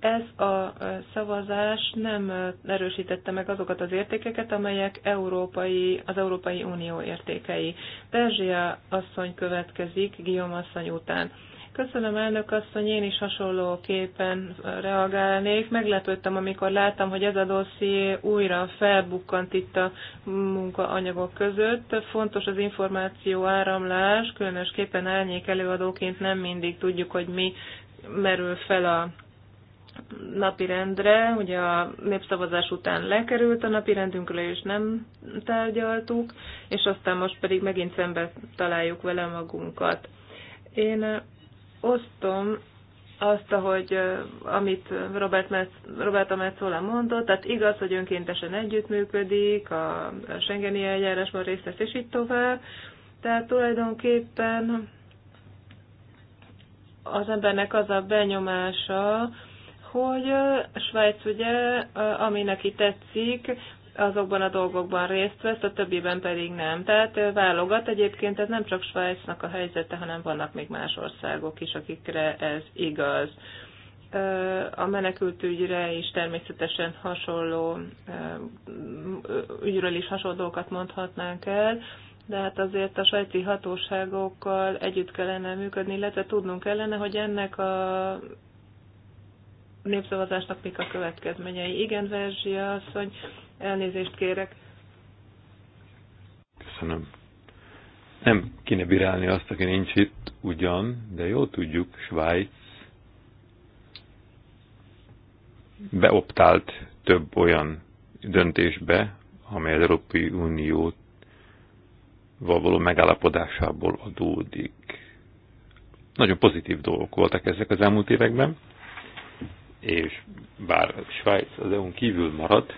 Ez a szavazás nem erősítette meg azokat az értékeket, amelyek európai, az Európai Unió értékei. Perzsia asszony következik Guillaume asszony után. Köszönöm, elnök asszony, én is hasonlóképpen reagálnék. Meglepődtem, amikor láttam, hogy ez a dosszié újra felbukkant itt a munkaanyagok között. Fontos az információ áramlás, különösképpen árnyék előadóként nem mindig tudjuk, hogy mi merül fel a napirendre, ugye a népszavazás után lekerült a rendünkről, és nem tárgyaltuk, és aztán most pedig megint szembe találjuk vele magunkat. Én osztom azt, ahogy, amit Robert Metz, Robert Metzola mondott, tehát igaz, hogy önkéntesen együttműködik, a Schengeni eljárásban részt vesz, és így tovább. Tehát tulajdonképpen az embernek az a benyomása, hogy Svájc ugye, ami neki tetszik, azokban a dolgokban részt vesz, a többiben pedig nem. Tehát válogat egyébként, ez nem csak Svájcnak a helyzete, hanem vannak még más országok is, akikre ez igaz. A menekültügyre is természetesen hasonló, ügyről is hasonlókat mondhatnánk el, de hát azért a svájci hatóságokkal együtt kellene működni, illetve tudnunk kellene, hogy ennek a népszavazásnak mik a következményei. Igen, Verzsia hogy Elnézést kérek. Köszönöm. Nem kéne bírálni azt, aki nincs itt, ugyan, de jól tudjuk, Svájc beoptált több olyan döntésbe, amely az Európai Unió való megállapodásából adódik. Nagyon pozitív dolgok voltak ezek az elmúlt években, és bár Svájc az EU-n kívül maradt,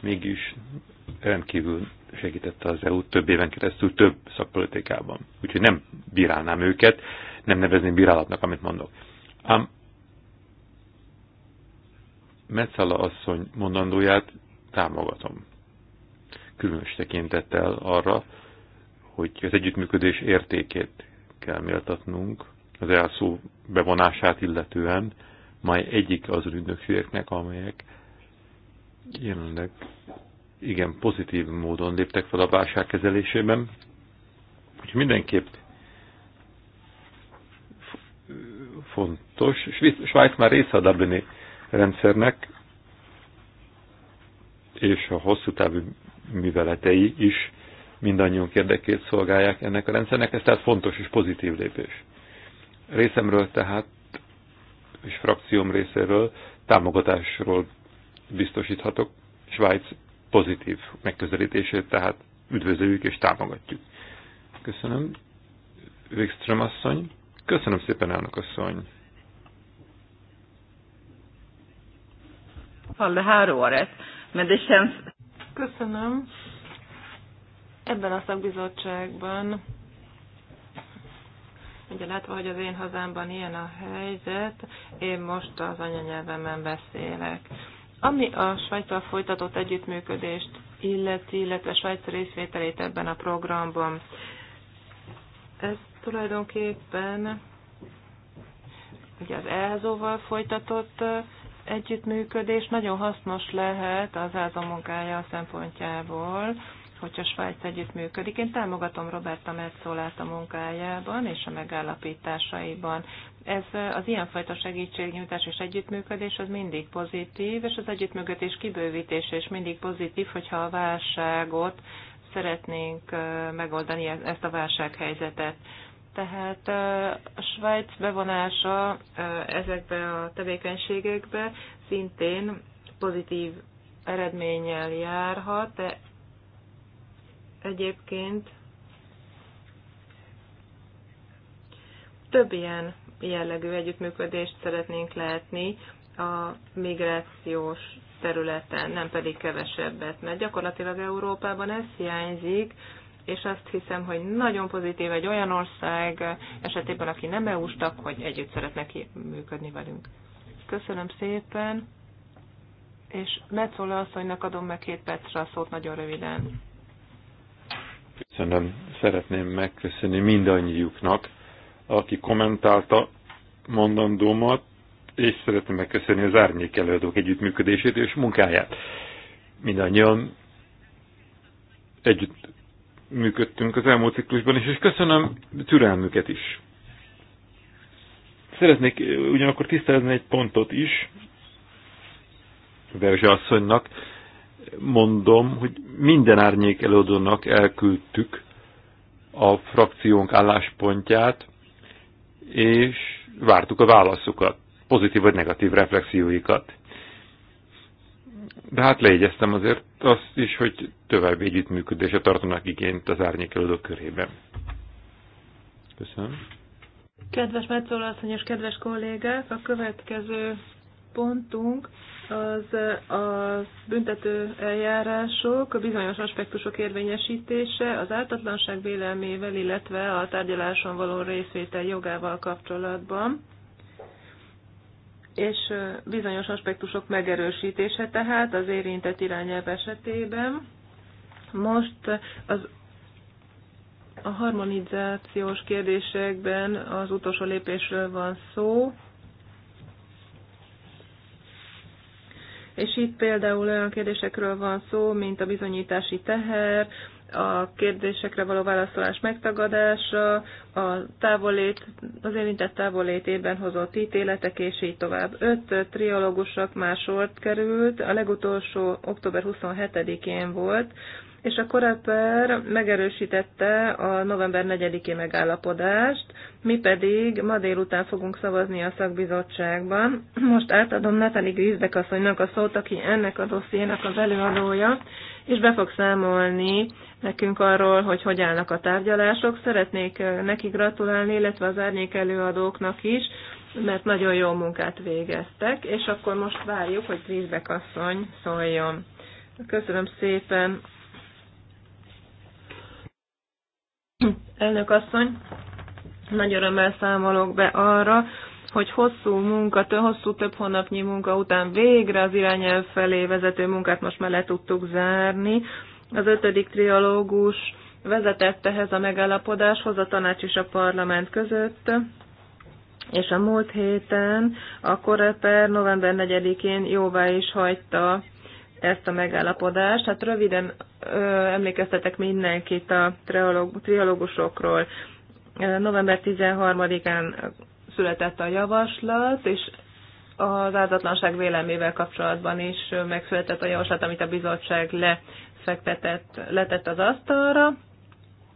mégis rendkívül segítette az EU több éven keresztül több szakpolitikában. Úgyhogy nem bírálnám őket, nem nevezném bírálatnak, amit mondok. Ám Metzala asszony mondandóját támogatom. Különös tekintettel arra, hogy az együttműködés értékét kell méltatnunk, az elszó bevonását illetően, mely egyik az ügynökségeknek, amelyek jelenleg igen pozitív módon léptek fel a válság kezelésében, úgyhogy mindenképp fontos. Svájc már része a Dublini rendszernek, és a hosszú távú műveletei is mindannyiunk érdekét szolgálják ennek a rendszernek, ez tehát fontos és pozitív lépés. Részemről tehát, és frakcióm részéről támogatásról biztosíthatok. Svájc pozitív megközelítését, tehát üdvözöljük és támogatjuk. Köszönöm. Wikström asszony. Köszönöm szépen, elnök asszony. Van det här året, men Köszönöm. Ebben a szakbizottságban, ugye látva, hogy az én hazámban ilyen a helyzet, én most az anyanyelvemen beszélek ami a Svájccal folytatott együttműködést illeti, illetve Svájc részvételét ebben a programban, ez tulajdonképpen ugye az elzo val folytatott együttműködés nagyon hasznos lehet az ELZO munkája szempontjából, hogyha Svájc együttműködik. Én támogatom Roberta Metzolát a munkájában és a megállapításaiban. Ez eh, az ilyenfajta segítségnyújtás és együttműködés az mindig pozitív, és az együttműködés kibővítése is mindig pozitív, hogyha a válságot szeretnénk eh, megoldani e- ezt a válsághelyzetet. Tehát eh, a Svájc bevonása ezekbe a tevékenységekbe szintén pozitív eredménnyel járhat, de egyébként több ilyen jellegű együttműködést szeretnénk látni a migrációs területen, nem pedig kevesebbet, mert gyakorlatilag Európában ez hiányzik, és azt hiszem, hogy nagyon pozitív egy olyan ország esetében, aki nem eu hogy együtt ki működni velünk. Köszönöm szépen, és Metzola asszonynak adom meg két percre a szót nagyon röviden. Köszönöm. szeretném megköszönni mindannyiuknak, aki kommentálta mondandómat, és szeretném megköszönni az árnyék előadók együttműködését és munkáját. Mindannyian együtt működtünk az elmúlt ciklusban is, és köszönöm türelmüket is. Szeretnék ugyanakkor tisztázni egy pontot is, Verzsa asszonynak, mondom, hogy minden árnyék előadónak elküldtük a frakciónk álláspontját, és vártuk a válaszukat, pozitív vagy negatív reflexióikat. De hát leegyeztem azért azt is, hogy további együttműködésre tartanak igényt az árnyékelődők körében. Köszönöm. Kedves Metzola asszony és kedves kollégák, a következő pontunk az a büntető eljárások, a bizonyos aspektusok érvényesítése az ártatlanság vélelmével, illetve a tárgyaláson való részvétel jogával kapcsolatban, és bizonyos aspektusok megerősítése tehát az érintett irányelv esetében. Most az a harmonizációs kérdésekben az utolsó lépésről van szó, és itt például olyan kérdésekről van szó, mint a bizonyítási teher, a kérdésekre való válaszolás megtagadása, a távolét, az érintett távolétében hozott ítéletek, és így tovább. Öt triológusok másolt került, a legutolsó október 27-én volt, és a Koreper megerősítette a november 4-i megállapodást, mi pedig ma délután fogunk szavazni a szakbizottságban. Most átadom Natali Grízbek asszonynak a szót, aki ennek a dossziénak az előadója, és be fog számolni nekünk arról, hogy hogy állnak a tárgyalások. Szeretnék neki gratulálni, illetve az árnyék előadóknak is, mert nagyon jó munkát végeztek, és akkor most várjuk, hogy Grízbek asszony szóljon. Köszönöm szépen. Elnök asszony, nagy örömmel számolok be arra, hogy hosszú munka, hosszú több hónapnyi munka után végre az irányelv felé vezető munkát most már le tudtuk zárni. Az ötödik trialógus vezetett ehhez a megállapodáshoz a tanács és a parlament között, és a múlt héten a Koreper november 4-én jóvá is hagyta ezt a megállapodást. Hát röviden ö, emlékeztetek mindenkit a trialógusokról. November 13-án született a javaslat, és az áldatlanság vélemével kapcsolatban is megszületett a javaslat, amit a bizottság lefektetett, letett az asztalra.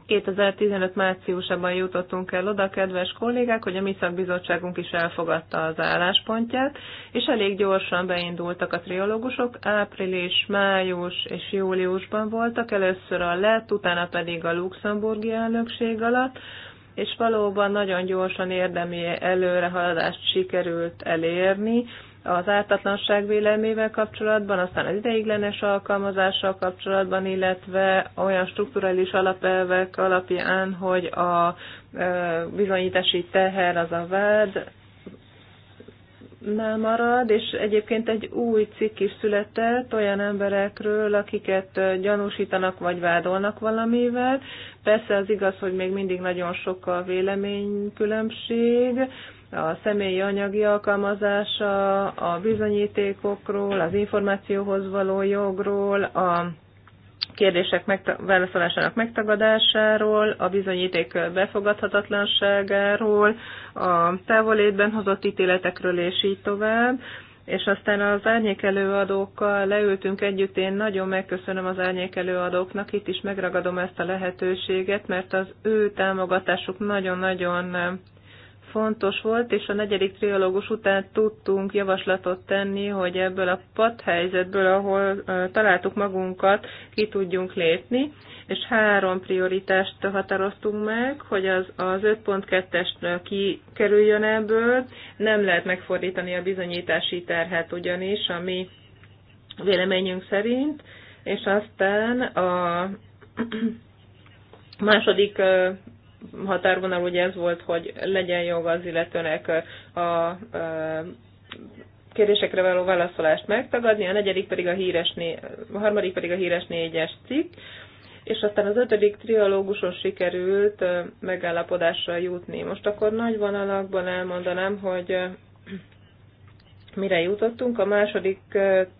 2015 márciusában jutottunk el oda, kedves kollégák, hogy a mi szakbizottságunk is elfogadta az álláspontját, és elég gyorsan beindultak a triológusok. Április, május és júliusban voltak, először a lett, utána pedig a luxemburgi elnökség alatt és valóban nagyon gyorsan érdemi előrehaladást sikerült elérni az ártatlanság vélemével kapcsolatban, aztán az ideiglenes alkalmazással kapcsolatban, illetve olyan strukturális alapelvek alapján, hogy a bizonyítási teher az a vád nál marad, és egyébként egy új cikk is született olyan emberekről, akiket gyanúsítanak vagy vádolnak valamivel. Persze az igaz, hogy még mindig nagyon sok a véleménykülönbség, a személyi anyagi alkalmazása, a bizonyítékokról, az információhoz való jogról, a kérdések megta- válaszolásának megtagadásáról, a bizonyíték befogadhatatlanságáról, a távolétben hozott ítéletekről, és így tovább. És aztán az árnyékelőadókkal leültünk együtt, én nagyon megköszönöm az árnyékelőadóknak, itt is megragadom ezt a lehetőséget, mert az ő támogatásuk nagyon-nagyon fontos volt, és a negyedik triológus után tudtunk javaslatot tenni, hogy ebből a padhelyzetből, ahol találtuk magunkat, ki tudjunk lépni, és három prioritást határoztunk meg, hogy az, az 5.2-es kikerüljön ebből, nem lehet megfordítani a bizonyítási terhet ugyanis, ami véleményünk szerint, és aztán a második határvonal ugye ez volt, hogy legyen jog az illetőnek a kérdésekre való válaszolást megtagadni, a negyedik pedig a híres, a harmadik pedig a híres négyes cikk, és aztán az ötödik trialóguson sikerült megállapodásra jutni. Most akkor nagy vonalakban elmondanám, hogy mire jutottunk. A második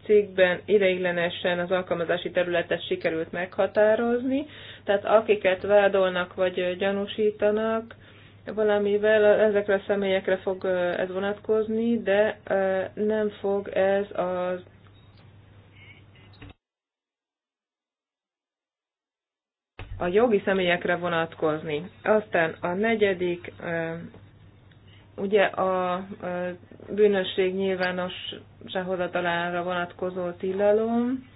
cikkben ideiglenesen az alkalmazási területet sikerült meghatározni, tehát akiket vádolnak vagy gyanúsítanak, valamivel ezekre a személyekre fog ez vonatkozni, de nem fog ez az a jogi személyekre vonatkozni. Aztán a negyedik Ugye a bűnösség nyilvános sehozatalára vonatkozó tilalom,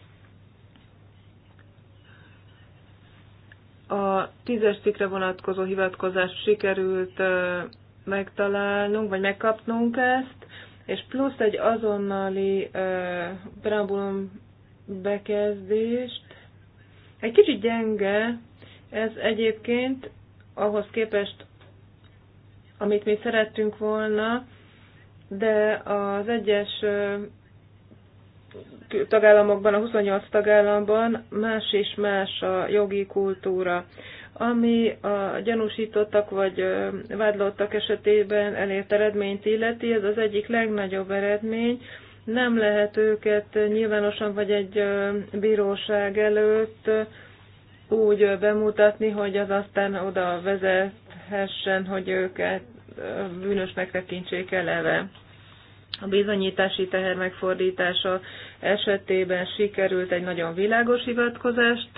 a tízes cikre vonatkozó hivatkozást sikerült megtalálnunk, vagy megkapnunk ezt, és plusz egy azonnali preambulum bekezdést. Egy kicsit gyenge ez egyébként ahhoz képest, amit mi szerettünk volna, de az egyes tagállamokban, a 28 tagállamban más és más a jogi kultúra. Ami a gyanúsítottak vagy vádlottak esetében elért eredményt illeti, ez az egyik legnagyobb eredmény. Nem lehet őket nyilvánosan vagy egy bíróság előtt úgy bemutatni, hogy az aztán oda vezet érezhessen, hogy őket bűnösnek tekintsék eleve. A bizonyítási teher megfordítása esetében sikerült egy nagyon világos hivatkozást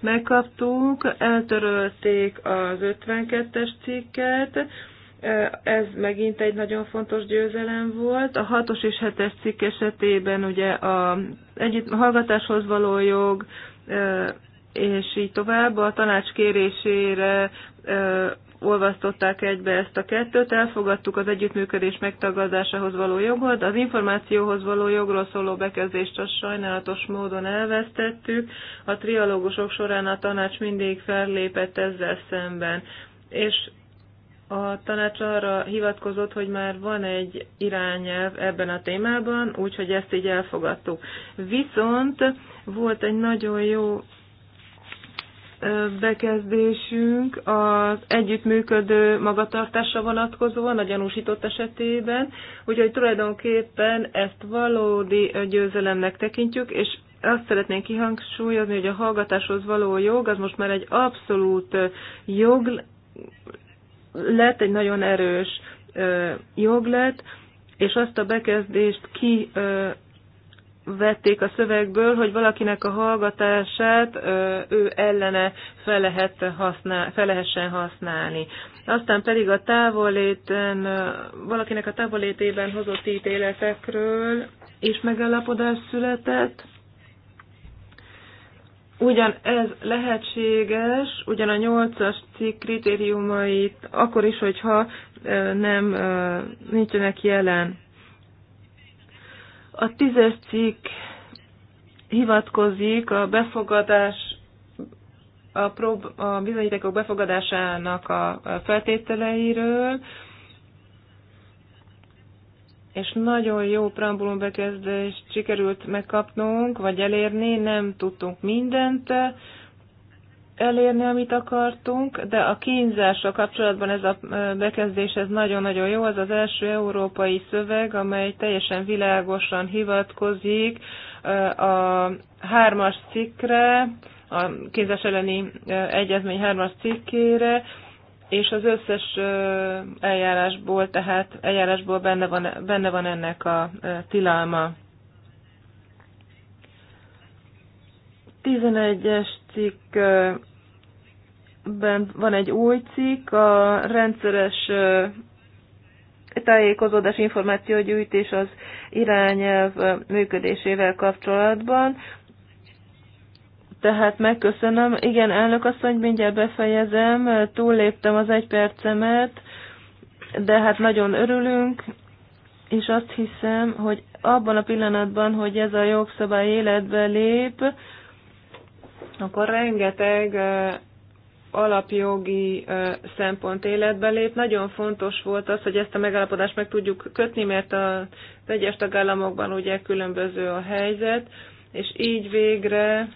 megkaptunk, eltörölték az 52-es cikket, ez megint egy nagyon fontos győzelem volt. A 6-os és 7-es cikk esetében ugye a, együtt, a hallgatáshoz való jog, és így tovább a tanács kérésére olvasztották egybe ezt a kettőt, elfogadtuk az együttműködés megtagadásához való jogot, az információhoz való jogról szóló bekezdést a sajnálatos módon elvesztettük, a trialógusok során a tanács mindig fellépett ezzel szemben. És a tanács arra hivatkozott, hogy már van egy irányelv ebben a témában, úgyhogy ezt így elfogadtuk. Viszont volt egy nagyon jó bekezdésünk az együttműködő magatartásra vonatkozóan a gyanúsított esetében, úgyhogy tulajdonképpen ezt valódi győzelemnek tekintjük, és azt szeretnénk kihangsúlyozni, hogy a hallgatáshoz való jog az most már egy abszolút jog lett, egy nagyon erős jog lett, és azt a bekezdést ki vették a szövegből, hogy valakinek a hallgatását ő ellene fel, lehet használ, fel lehessen használni. Aztán pedig a távoléten, valakinek a távolétében hozott ítéletekről is megállapodás született. Ugyan ez lehetséges, ugyan a nyolcas cikk kritériumait, akkor is, hogyha nem nincsenek jelen a tízes cikk hivatkozik a befogadás, a, prób, a bizonyítékok befogadásának a feltételeiről, és nagyon jó preambulum bekezdést sikerült megkapnunk, vagy elérni, nem tudtunk mindent, elérni, amit akartunk, de a kínzással kapcsolatban ez a bekezdés ez nagyon-nagyon jó. az az első európai szöveg, amely teljesen világosan hivatkozik a hármas cikkre, a kínzás elleni egyezmény hármas cikkére, és az összes eljárásból, tehát eljárásból benne van, benne van ennek a tilalma. 11-es cikkben van egy új cikk, a rendszeres tájékozódás információgyűjtés az irányelv működésével kapcsolatban. Tehát megköszönöm. Igen, elnök asszony, mindjárt befejezem. Túlléptem az egy percemet, de hát nagyon örülünk, és azt hiszem, hogy abban a pillanatban, hogy ez a jogszabály életbe lép, akkor rengeteg alapjogi szempont életbe lép. Nagyon fontos volt az, hogy ezt a megállapodást meg tudjuk kötni, mert az egyes tagállamokban ugye különböző a helyzet, és így végre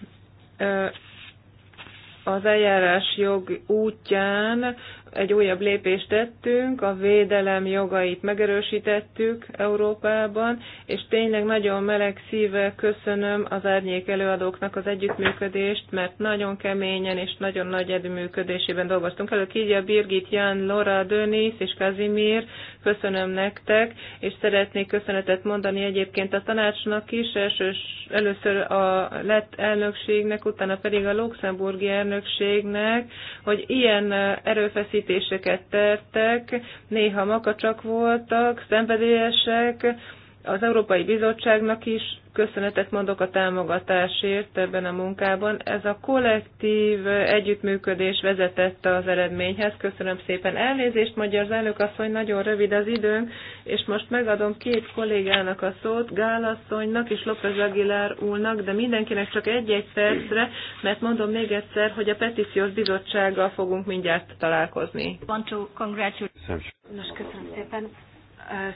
az eljárás jog útján egy újabb lépést tettünk, a védelem jogait megerősítettük Európában, és tényleg nagyon meleg szívvel köszönöm az árnyék előadóknak az együttműködést, mert nagyon keményen és nagyon nagy együttműködésében dolgoztunk elő. Így a Birgit, Jan, Laura, Dönis és Kazimír köszönöm nektek, és szeretnék köszönetet mondani egyébként a tanácsnak is, elsős, először a lett elnökségnek, utána pedig a luxemburgi elnökségnek, hogy ilyen erőfeszítéseket tertek, néha makacsak voltak, szenvedélyesek, az Európai Bizottságnak is köszönetet mondok a támogatásért ebben a munkában. Ez a kollektív együttműködés vezetett az eredményhez. Köszönöm szépen. Elnézést mondja az elnök nagyon rövid az időnk, és most megadom két kollégának a szót, Gálasszonynak és López Aguilar úrnak, de mindenkinek csak egy-egy percre, mert mondom még egyszer, hogy a petíciós bizottsággal fogunk mindjárt találkozni. Nos, köszönöm szépen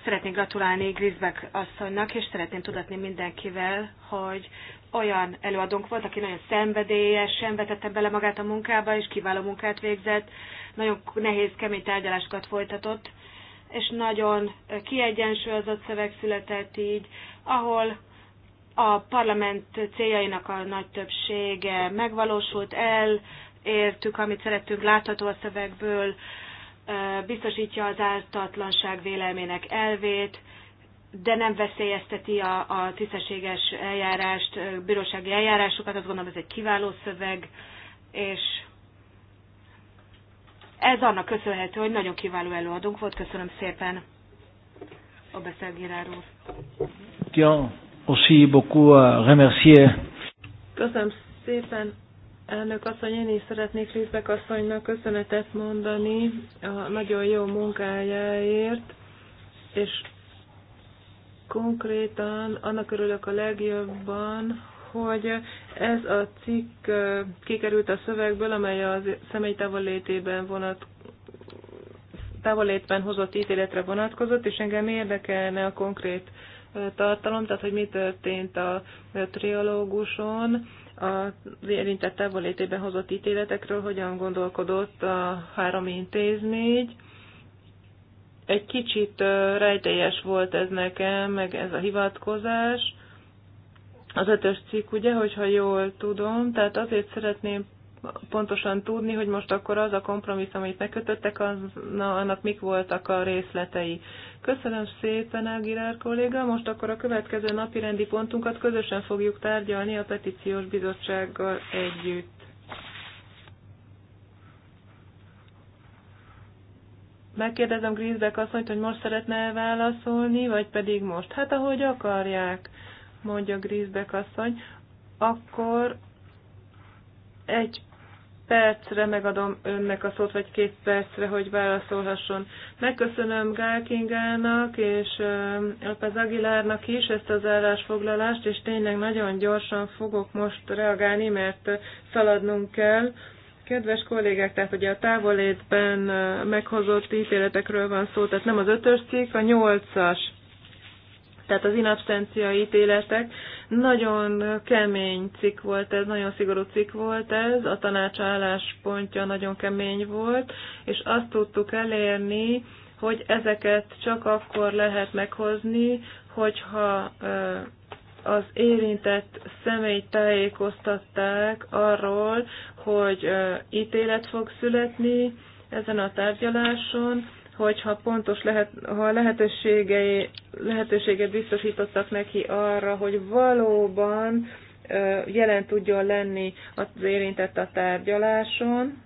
Szeretnék gratulálni Grisbeck asszonynak, és szeretném tudatni mindenkivel, hogy olyan előadónk volt, aki nagyon szenvedélyesen vetette bele magát a munkába, és kiváló munkát végzett, nagyon nehéz, kemény tárgyalásokat folytatott, és nagyon kiegyensúlyozott szöveg született így, ahol a parlament céljainak a nagy többsége megvalósult el, értük, amit szerettünk, látható a szövegből, biztosítja az ártatlanság vélelmének elvét, de nem veszélyezteti a, a tisztességes eljárást, bírósági eljárásokat, azt gondolom ez egy kiváló szöveg, és ez annak köszönhető, hogy nagyon kiváló előadónk volt. Köszönöm szépen a beszélgírár úr. Köszönöm szépen Elnök asszony, én is szeretnék Lizbek asszonynak köszönetet mondani a nagyon jó munkájáért, és konkrétan annak örülök a legjobban, hogy ez a cikk kikerült a szövegből, amely a személy távollétében vonat, távollétben hozott ítéletre vonatkozott, és engem érdekelne a konkrét tartalom, tehát hogy mi történt a triológuson, az érintett távolétében hozott ítéletekről hogyan gondolkodott a három intézmény. Egy kicsit rejtélyes volt ez nekem, meg ez a hivatkozás. Az ötös cikk, ugye, hogyha jól tudom, tehát azért szeretném pontosan tudni, hogy most akkor az a kompromisszum, amit megkötöttek, az, na, annak mik voltak a részletei. Köszönöm szépen, Ágirár kolléga. Most akkor a következő napi rendi pontunkat közösen fogjuk tárgyalni a petíciós bizottsággal együtt. Megkérdezem Grisbeck asszonyt, hogy most szeretne válaszolni, vagy pedig most. Hát ahogy akarják, mondja Grisbeck asszony. Akkor egy percre megadom önnek a szót, vagy két percre, hogy válaszolhasson. Megköszönöm Gál Kingának és López Aguilárnak is ezt az állásfoglalást, és tényleg nagyon gyorsan fogok most reagálni, mert szaladnunk kell. Kedves kollégák, tehát ugye a távolétben meghozott ítéletekről van szó, tehát nem az ötös cikk, a nyolcas tehát az inabszencia ítéletek. Nagyon kemény cikk volt ez, nagyon szigorú cikk volt ez, a tanács álláspontja nagyon kemény volt, és azt tudtuk elérni, hogy ezeket csak akkor lehet meghozni, hogyha az érintett személy tájékoztatták arról, hogy ítélet fog születni ezen a tárgyaláson, hogyha pontos lehet, ha lehetőségei, lehetőséget biztosítottak neki arra, hogy valóban jelen tudjon lenni az érintett a tárgyaláson,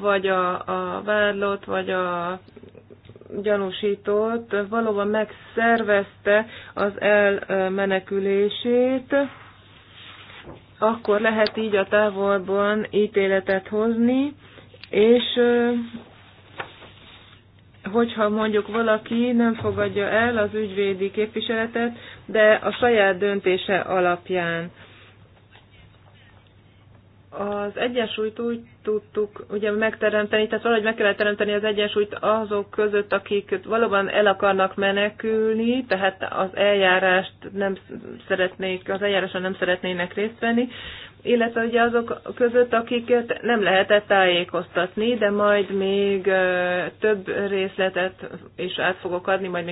vagy a, a vádlott, vagy a gyanúsított valóban megszervezte az elmenekülését, akkor lehet így a távolban ítéletet hozni, és hogyha mondjuk valaki nem fogadja el az ügyvédi képviseletet, de a saját döntése alapján. Az egyensúlyt úgy tudtuk ugye megteremteni, tehát valahogy meg kellett teremteni az egyensúlyt azok között, akik valóban el akarnak menekülni, tehát az eljárást nem szeretnék, az eljáráson nem szeretnének részt venni, illetve ugye azok között, akiket nem lehetett tájékoztatni, de majd még több részletet is át fogok adni, majd